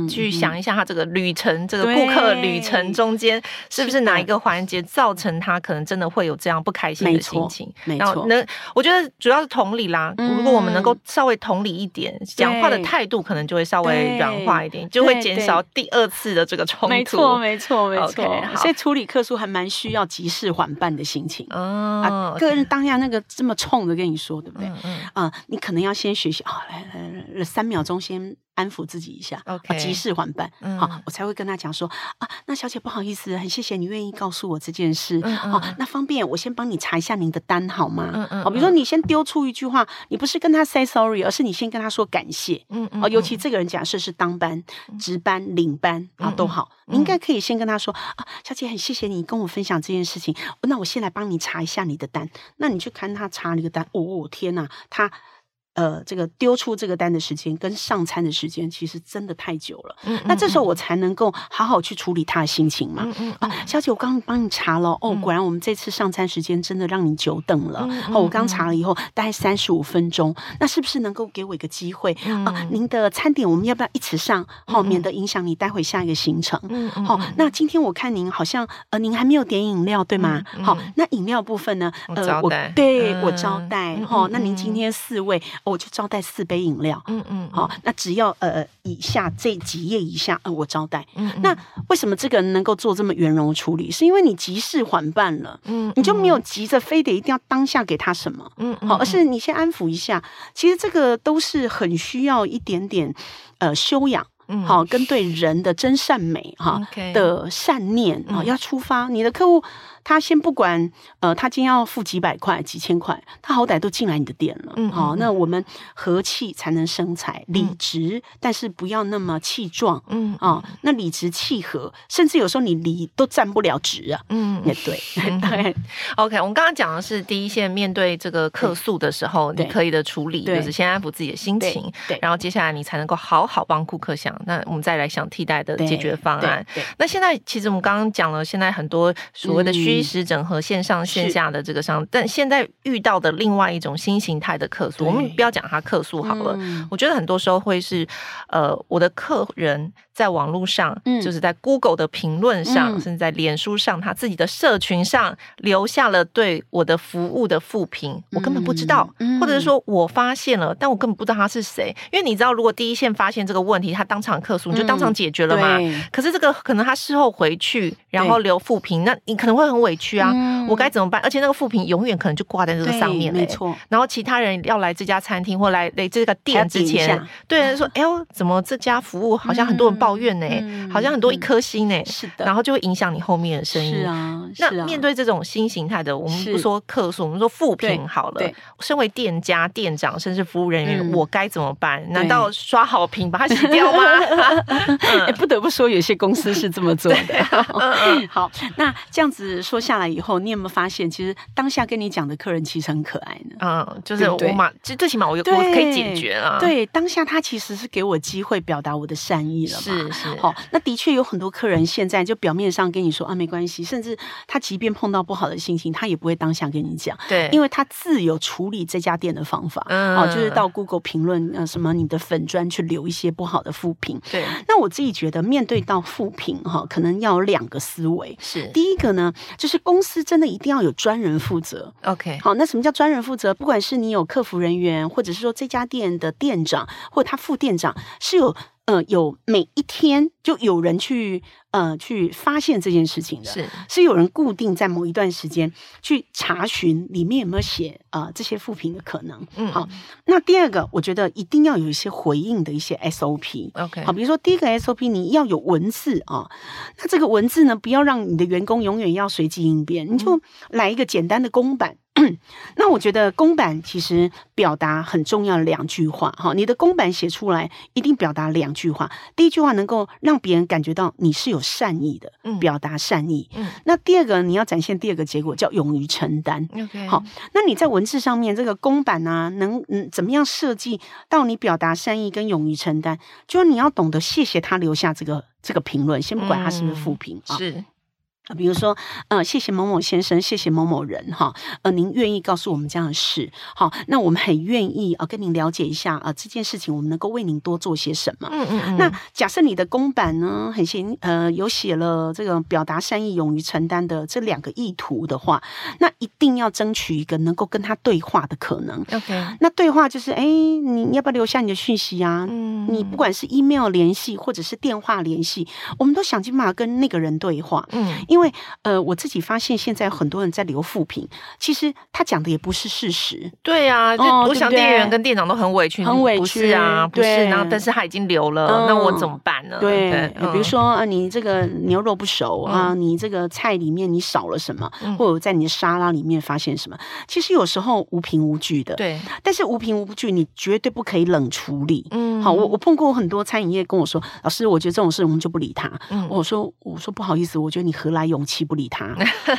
去想一下，他這個旅程，這個顧客旅程中間是不是哪一個環節造成他可能真的會有這樣不開心的心情？沒錯，然後能，我覺得主要是同理啦。嗯、如果我們能夠稍微同理一點，講話的態度可能就會稍微軟化一點，就會減少。然後第二次的這個衝突，沒錯沒錯沒錯 okay，所以處理客訴還蠻需要急事緩辦的心情、oh, okay. 啊。個人當下那個這麼衝的跟你說，對不對？嗯,嗯啊，你可能要先學習、哦、來來來，三秒鐘先。安撫自己一下，急事緩辦，好、嗯哦，我才會跟他講說啊，那小姐不好意思，很謝謝你願意告訴我這件事啊、嗯嗯哦，那方便我先幫你查一下您的單好嗎？好、嗯嗯，比如說你先丟出一句話，你不是跟他 say sorry，而是你先跟他說感謝，嗯，嗯、哦、尤其這個人假設是當班、值、嗯、班、領班啊都好，嗯嗯、你應該可以先跟他說啊，小姐很謝謝你跟我分享這件事情，那我先來幫你查一下你的單，那你去看他查你的單，哦天哪、啊，他。呃，這個丟出這個單的時間跟上餐的時間，其實真的太久了、嗯嗯。那這時候我才能夠好好去處理他的心情嘛。嗯嗯、啊，小姐，我剛剛幫你查了，哦、嗯，果然我們這次上餐時間真的讓你久等了。嗯嗯、哦，我剛，剛查了以後，大概三十五分鐘。那是不是能夠給我一個機會啊、嗯呃？您的餐點我們要不要一起上？好、哦，免得影響你待會下一個行程。嗯好、嗯嗯哦，那今天我看您好像呃，您還沒有點飲料對嗎、嗯嗯嗯？好，那飲料部分呢？呃，我對我招待。好、呃呃呃嗯哦嗯嗯嗯，那您今天四位。我就招待四杯飲料，嗯嗯，好，那只要呃以下這幾頁以下，呃、我招待、嗯嗯。那為什麼這個人能夠做這麼圓融處理？是因為你急事緩辦了嗯，嗯，你就沒有急着非得一定要當下給他什麼，嗯，嗯好，而是你先安撫一下、嗯嗯。其實這個都是很需要一點點呃修養、嗯，好，跟對人的真善美哈、嗯、的善念啊、嗯、要出發。你的客戶。他先不管，呃，他今天要付幾百塊、幾千塊，他好歹都進來你的店了，嗯哼哼，好、哦，那我們和氣才能生財，理直、嗯，但是不要那麼氣壯，嗯，啊、哦，那理直氣和，甚至有時候你理都站不了直啊，嗯，也對，對， 當然，OK，我們剛剛講的是第一線面對這個客訴的時候、嗯，你可以的處理，對就是先安撫自己的心情對對，對，然後接下來你才能夠好好幫顧客想，那我們再來想替代的解決方案。對對對那現在其實我們剛剛講了，現在很多所謂的虛、嗯。及時、 嗯、整合線上線下的這個商，但現在遇到的另外一種新形態的客訴，我們不要講它客訴好了、嗯，我覺得很多時候會是，呃，我的客人。在網絡上、嗯，就是在 Google 的評論上、嗯，甚至在臉書上，他自己的社群上，留下了對我的服務的負評、嗯，我根本不知道、嗯，或者是說我發現了，嗯、但我根本不知道他是誰，因為你知道，如果第一線發現這個問題，他當場客訴，你就當場解決了嘛、嗯。可是這個可能他事後回去，然後留負評，那你可能會很委屈啊，嗯、我該怎麼辦？而且那個負評永遠可能就掛在這個上面、欸，沒錯。然後其他人要來這家餐廳或來來這個店之前，對人說：“哎呦，怎麼這家服務好像很多人報、嗯。”呢、嗯，好像很多一顆星呢、欸嗯，是的，然後就會影響你後面的聲音，那面對這種新形態的、啊，我們不說客訴，我們說負評好了，對對。身為店家、店長甚至服務人員、嗯，我該怎麼辦？難道刷好評把它洗掉嗎、 嗯，欸？不得不說，有些公司是這麼做的，嗯嗯。好，那這樣子說下來以後，你有沒有發現，其實當下跟你講的客人其實很可愛呢？嗯，就是我嘛，就最起碼我有我可以解決啊，對。對，當下他其實是給我機會表達我的善意了嘛。是是。好，那的確有很多客人現在就表面上跟你說啊，沒關係，甚至。他即便碰到不好的心情，他也不會當下跟你講，對，因為他自有處理這家店的方法，啊、嗯哦，就是到 Google 評論呃什麼你的粉專去留一些不好的負評，對。那我自己覺得面對到負評哈、哦，可能要有兩個思維，是第一個呢，就是公司真的一定要有專人負責，OK。好、哦，那什麼叫專人負責？不管是你有客服人員，或者是說這家店的店長或他副店長是有。呃，有每一天就有人去呃去發現這件事情的，是是有人固定在某一段時間去查詢裡面有沒有寫啊、呃、這些負評的可能。嗯，好，那第二個我覺得一定要有一些回應的一些 SOP。OK，好，比如說第一個 SOP 你要有文字啊、哦，那這個文字呢，不要讓你的員工永遠要隨機應變，嗯，你就來一個簡單的公版。嗯， 那我覺得公版其實表達很重要兩句話哈，你的公版寫出來一定表達兩句話。第一句話能夠讓別人感覺到你是有善意的，嗯、表達善意。嗯，那第二個你要展現第二個結果叫勇於承擔。OK，好，那你在文字上面這個公版呢、啊，能嗯怎麼樣設計到你表達善意跟勇於承擔？就你要懂得謝謝他留下這個這個評論，先不管他是不是負評啊、嗯哦。是。比如說，呃，謝謝某某先生，謝謝某某人，哈、哦，呃，您願意告訴我們這樣的事，好、哦，那我們很願意啊、呃，跟您了解一下啊、呃，這件事情我們能夠為您多做些什麼？嗯嗯嗯。那假設你的公版呢，很行，呃，有寫了這個表達善意、勇於承擔的這兩個意圖的話，那一定要爭取一個能夠跟他對話的可能。OK，那對話就是，哎，你要不要留下你的訊息啊？嗯，你不管是 email 聯繫或者是電話聯繫，我們都想盡辦法跟那個人對話。嗯，因為。因為呃，我自己發現現在很多人在留負評，其實他講的也不是事實。對啊，嗯、就我想店員跟店長都很委屈，很委屈啊，不是那、啊啊、但是他已經留了、嗯，那我怎麼辦呢？對，okay, 嗯、比如說啊、呃，你這個牛肉不熟啊、呃，你這個菜裡面你少了什麼，嗯、或者在你的沙拉裡面發現什麼、嗯，其實有時候無憑無據的。對，但是無憑無據，你絕對不可以冷處理。嗯，好，我我碰過很多餐飲業跟我說，老師，我覺得這種事我們就不理他。嗯，我說我說不好意思，我覺得你何來。勇氣不理他，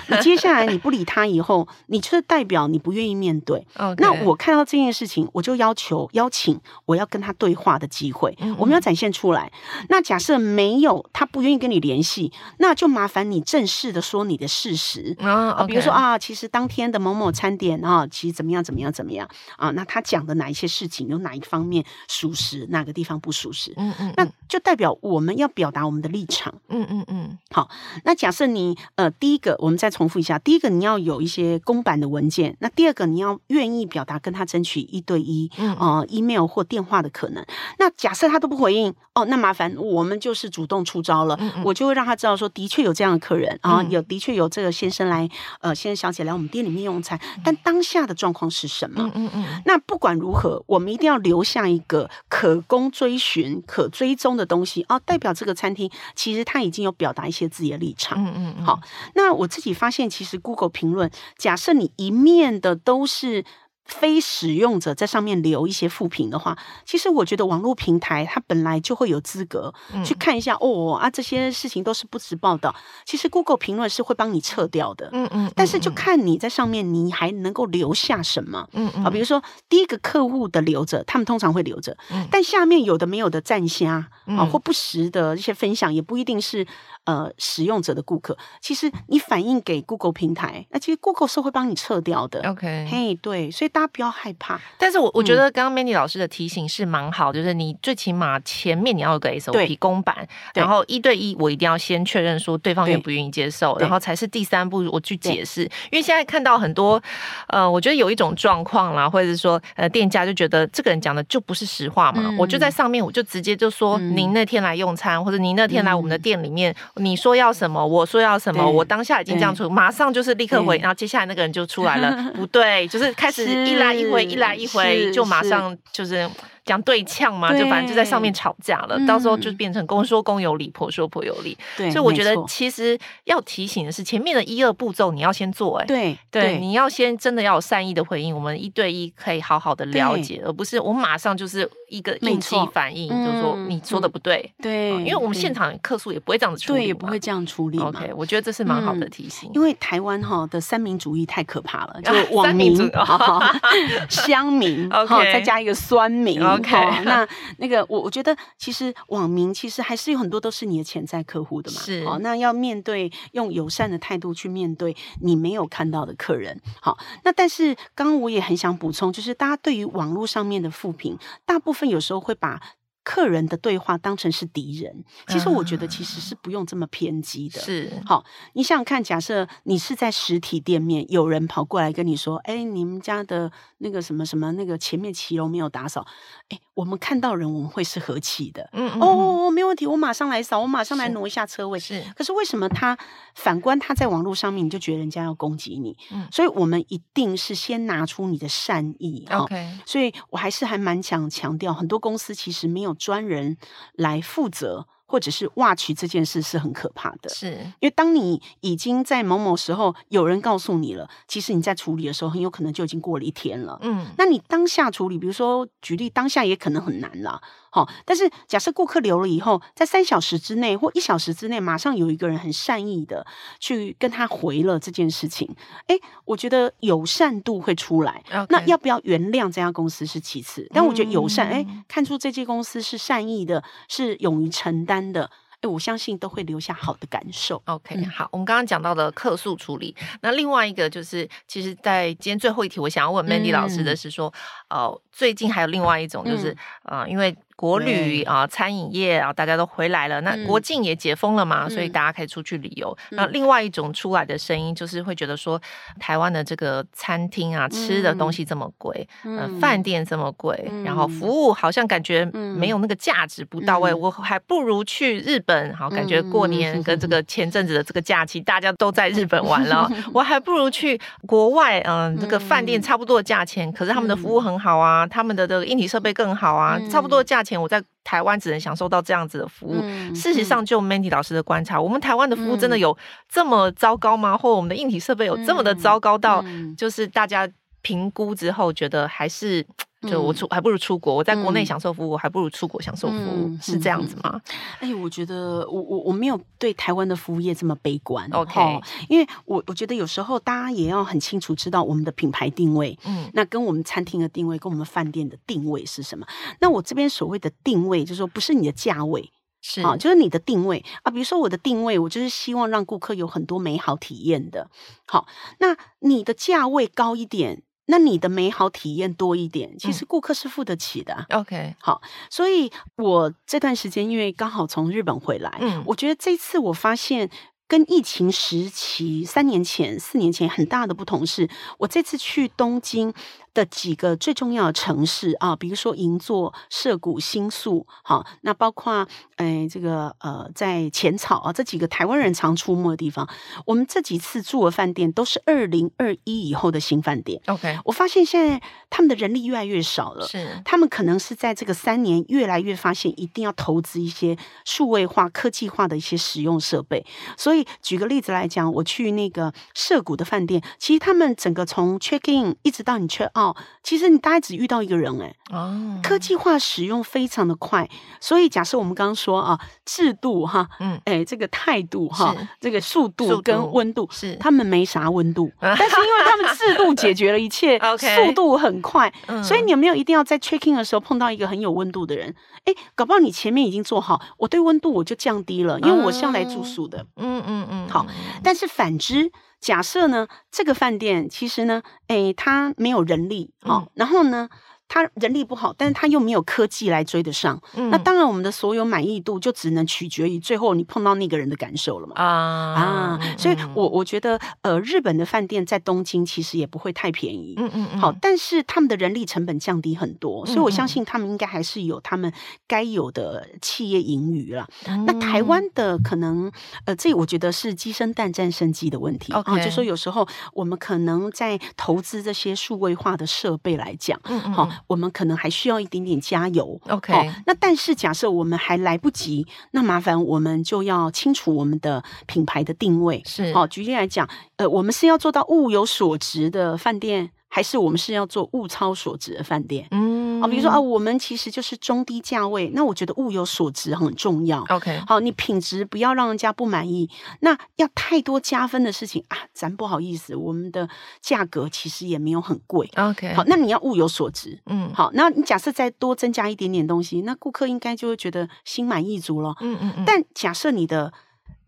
你接下來你不理他以後，你就代表你不願意面對。Okay. 那我看到這件事情，我就要求邀請我要跟他對話的機會，我們要展現出來。嗯嗯，那假設沒有，他不願意跟你聯繫，那就麻煩你正式的說你的事實，oh, okay. 比如說啊，其實當天的某某餐點啊，其實怎麼樣怎麼樣怎麼樣啊，那他講的哪一些事情有哪一方面屬實，哪個地方不屬實？嗯，嗯嗯，那就代表我們要表達我們的立場。嗯嗯嗯，好，那假設。你呃，第一個我們再重複一下，第一個你要有一些公版的文件。那第二個你要願意表達跟他爭取一對一、呃、嗯 email 或電話的可能。那假設他都不回應哦，那麻煩我們就是主動出招了，嗯嗯，我就會讓他知道說，的確有這樣的客人啊、呃，有的確有這個先生來呃，先生小姐來我們店裡面用餐。但當下的狀況是什麼？嗯，嗯嗯。那不管如何，我們一定要留下一個可供追尋、可追蹤的東西啊、呃，代表這個餐廳其實他已經有表達一些自己的立場。嗯，嗯。嗯， 好。那我自己發現，其實 Google 評論，假設你一面的都是。非使用者在上面留一些負評的話，其實我覺得網絡平台它本來就會有資格去看一下、嗯、哦啊，這些事情都是不實報道。其實 Google 評論是會幫你撤掉的，嗯嗯。但是就看你在上面你還能夠留下什麼，嗯嗯啊，比如說第一個客戶的留着，他們通常會留着，嗯。但下面有的沒有的贊蝦啊，或不實的一些分享，也不一定是呃使用者的顧客。其實你反映給 Google 平台，那、啊、其實 Google 是會幫你撤掉的，OK。嘿，對，所以。大家不要害怕，但是我我覺得剛剛 Mandy 老師的提醒是蠻好的、嗯，就是你最起碼前面你要有個 SOP 公版，然後一對一我一定要先確認說對方願不願意接受，然後才是第三步我去解釋。因為現在看到很多，呃，我覺得有一種狀況啦，或者是說呃店家就覺得這個人講的就不是實話嘛、嗯，我就在上面我就直接就說您、嗯、那天來用餐，或者您那天來我們的店裡面、嗯，你說要什麼，我說要什麼，我當下已經這樣出，馬上就是立刻回，然後接下來那個人就出來了，對不對，就是開始是。一來一回，一來一回，就馬上就是。講對嗆嘛，對，就反正就在上面吵架了，嗯、到時候就變成公說公有理，婆說婆有理對。所以我覺得其實要提醒的是，前面的一二步驟你要先做，欸。哎，對對，對，你要先真的要有善意的回應，我們一對一可以好好的了解，而不是我馬上就是一個應急反應，就是說你說的不對。嗯嗯。對，因為我們現場客訴也不會這樣子處理對，也不會這樣處理 OK，我覺得這是蠻好的提醒。嗯、因為台灣哈的三民主義太可怕了，就網民、鄉民， 好好， 好，OK，再加一個酸民。OK，那那個我我覺得其實網民其實還是有很多都是你的潛在客戶的嘛，是哦。那要面對用友善的態度去面對你沒有看到的客人，好。那但是剛剛我也很想補充，就是大家對於網絡上面的負評，大部分有時候會把客人的對話當成是敵人。其實我覺得其實是不用這麼偏激的，是、uh-huh. 好。你想想看，假設你是在實體店面，有人跑過來跟你說：“哎、欸，你們家的。”那個什麼什麼那個前面騎樓沒有打掃，哎、欸，我們看到人我們會是和氣的。嗯哦，哦，哦，沒問題，我馬上來掃，我馬上來挪一下車位。是，是。可是為什麼他反觀他在網絡上面你就覺得人家要攻擊你？嗯，所以我們一定是先拿出你的善意，OK、哦。所以我還是還蠻想強調，很多公司其實沒有專人來負責。或者是挖取這件事是很可怕的，是因為當你已經在某某時候有人告訴你了，其實你在處理的時候很有可能就已經過了一天了。嗯，那你當下處理，比如說舉例，當下也可能很難啦。好，但是假設顧客留了以後，在三小時之內或一小時之內，馬上有一個人很善意的去跟他回了這件事情，哎、欸，我覺得友善度會出來。Okay. 那要不要原諒這家公司是其次，但我覺得友善，哎、欸嗯，看出這家公司是善意的，是勇於承擔的，哎、欸，我相信都會留下好的感受。OK，好，我們剛剛講到的客訴處理，嗯，那另外一個就是，其實，在今天最後一題，我想要問 Mandy 老師的是說，嗯，呃，最近還有另外一種就是，嗯、呃，因為。國旅啊，餐飲業啊，大家都回來了。那國境也解封了嘛，嗯、所以大家可以出去旅遊。那、嗯、另外一種出來的聲音就是會覺得說，台灣的這個餐廳啊、嗯，吃的東西這麼貴，嗯，呃、飯店這麼貴、嗯，然後服務好像感覺沒有那個價值不到位、嗯，我還不如去日本、嗯。好，感覺過年跟這個前陣子的這個假期，大家都在日本玩了，是是是，我還不如去國外。嗯、呃，這個飯店差不多的價錢、嗯，可是他們的服務很好啊，嗯、他們的這個硬體設備更好啊，嗯、差不多的價錢。我在台灣只能享受到這樣子的服務。嗯嗯、事實上，就 Mandy 老師的觀察，我們台灣的服務真的有這麼糟糕嗎？嗯、或者我們的硬體設備有這麼的糟糕到，嗯嗯、就是大家評估之後覺得還是。就我出、嗯、還不如出國，我在國內享受服務，嗯、我還不如出國享受服務，嗯、是這樣子嗎？哎、欸，我覺得我我我沒有對台灣的服務業這麼悲觀。OK，哦、因為我我覺得有時候大家也要很清楚知道我們的品牌定位，嗯，那跟我們餐廳的定位，跟我們飯店的定位是什麼？那我這邊所謂的定位，就是說不是你的價位，是啊、哦，就是你的定位啊。比如說我的定位，我就是希望讓顧客有很多美好體驗的。好、哦，那你的價位高一點。那你的美好體驗多一點，其實顧客是付得起的。OK，嗯，好，所以我這段時間因為剛好從日本回來，嗯，我覺得這次我發現跟疫情時期三年前、四年前很大的不同是，我這次去東京，的幾個最重要的城市啊，比如說銀座、澀谷、新宿，好，那包括、哎、這個呃在淺草啊這幾個台灣人常出沒的地方。我們這幾次住的飯店都是二零二一以後的新飯店。OK，我發現現在他們的人力越來越少了，是，他們可能是在這個三年越來越發現一定要投資一些數位化、科技化的一些使用設備。所以舉個例子來講，我去那個澀谷的飯店，其實他們整個從 check in 一直到你 check out。哦，其實你大概只遇到一個人哎、欸，oh. 科技化使用非常的快，所以假設我們剛剛說啊，制度哈，嗯，哎、欸，這個態度哈，這個速度跟溫度是他們沒啥溫度，但是因為他們制度解決了一切， 速度很快，okay. 所以你有沒有一定要在 check in 的時候碰到一個很有溫度的人？哎、嗯欸，搞不好你前面已經做好，我對溫度我就降低了，因為我是要來住宿的，嗯嗯嗯，好、嗯嗯，但是反之。假設呢，這個飯店其實呢，哎，它沒有人力，好、嗯哦，然後呢。他人力不好，但是他又沒有科技來追得上。嗯、那當然，我們的所有滿意度就只能取決於最後你碰到那個人的感受了嘛。啊啊嗯嗯！所以我，我我覺得，呃，日本的飯店在東京其實也不會太便宜。嗯嗯嗯。好，但是他們的人力成本降低很多，嗯嗯，所以我相信他們應該還是有他們該有的企業盈餘了、嗯嗯。那台灣的可能，呃，這我覺得是雞生蛋，蛋生雞的問題好、okay. 啊，就是、說有時候我們可能在投資這些數位化的設備來講，嗯，嗯嗯，好。我們可能還需要一點點加油。OK，哦，那但是假設我們還來不及，那麻煩我們就要清楚我們的品牌的定位。是，好，哦，舉例來講，呃，我們是要做到物有所值的飯店。還是我們是要做物超所值的飯店，嗯，比如說啊，我們其實就是中低價位，那我覺得物有所值很重要。OK，好，你品質不要讓人家不滿意，那要太多加分的事情啊，咱不好意思，我們的價格其實也沒有很貴。OK，好，那你要物有所值，嗯，好，那你假設再多增加一點點東西，那顧客應該就會覺得心滿意足咯。嗯嗯，嗯，但假設你的。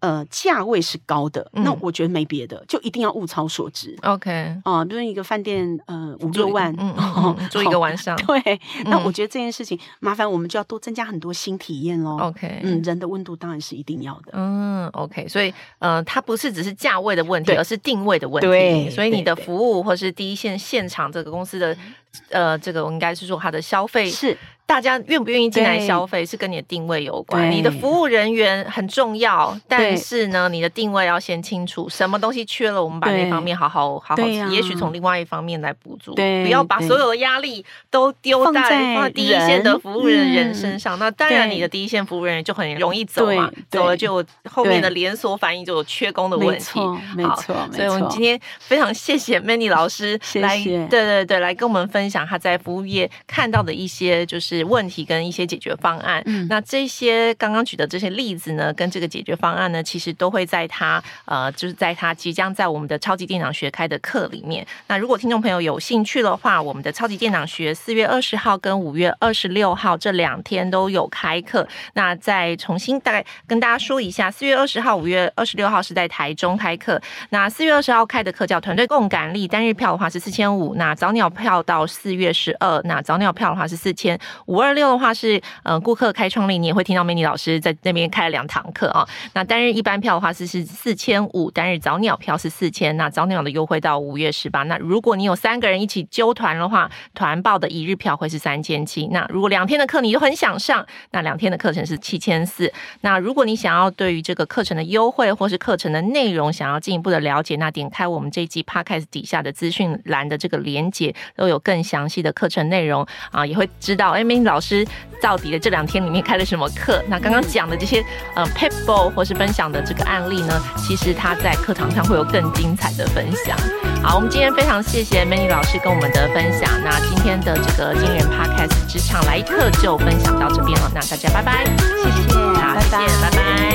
呃，價位是高的，嗯，那我覺得沒別的，就一定要物超所值。OK，啊、呃，比如一個飯店，呃，五六萬，做一、嗯哦、一個晚上。哦、對、嗯，那我覺得這件事情麻煩我們就要多增加很多新體驗哦。OK，嗯，人的溫度當然是一定要的。嗯，OK，所以呃，它不是只是價位的問題，而是定位的問題。對，所以你的服務或是第一線現場這個公司的，對對對呃，這個應該是說它的消費是。大家願不願意進來消費是跟你的定位有關，你的服務人員很重要，但是呢，你的定位要先清楚，什麼東西缺了，我們把那方面好好好好，啊、也許從另外一方面來補足對，不要把所有的壓力都丟在、放在第一線的服務人、人身上，嗯。那當然，你的第一線服務人員就很容易走嘛，走了就後面的連鎖反應就有缺工的問題。沒錯，沒錯。所以，我們今天非常謝謝 Mandy 老師來謝謝，對對對，來跟我們分享他在服務業看到的一些就是。是問題跟一些解決方案。嗯、那這些剛剛舉的這些例子呢，跟這個解決方案呢，其實都會在他呃，就是在他即將在我們的超級店長學開的課裡面。那如果聽眾朋友有興趣的話，我們的超級店長學四月二十號跟五月二十六號這兩天都有開課。那再重新大概跟大家說一下，四月二十號、五月二十六號是在台中開課。那四月二十號開的課叫團隊共感力，單日票的話是四千五。那早鳥票到四月十二，那早鳥票的話是四千。五二六的話是，呃，顧客開窗令，你也會聽到梅尼老師在那邊開了兩堂課啊。那單日一般票的話是是四千五，單日早鳥票是四千，那早鳥的優惠到五月十八。那如果你有三個人一起揪團的話，團報的一日票會是三千七。那如果兩天的課你都很想上，那兩天的課程是七千四。那如果你想要對於這個課程的優惠或是課程的內容想要進一步的了解，那點開我們這一集 Podcast 底下的資訊欄的這個連結，都有更詳細的課程內容啊，也會知道哎梅。老師到底的這兩天裡面開了什麼課？那剛剛講的這些呃 people 或是分享的這個案例呢，其實他在課堂上會有更精彩的分享。好，我們今天非常謝謝 Mandy 老師跟我們的分享。那今天的這個經理人 Podcast 職場來一課就分享到這邊了，那大家拜拜，謝謝，再見，拜拜。拜拜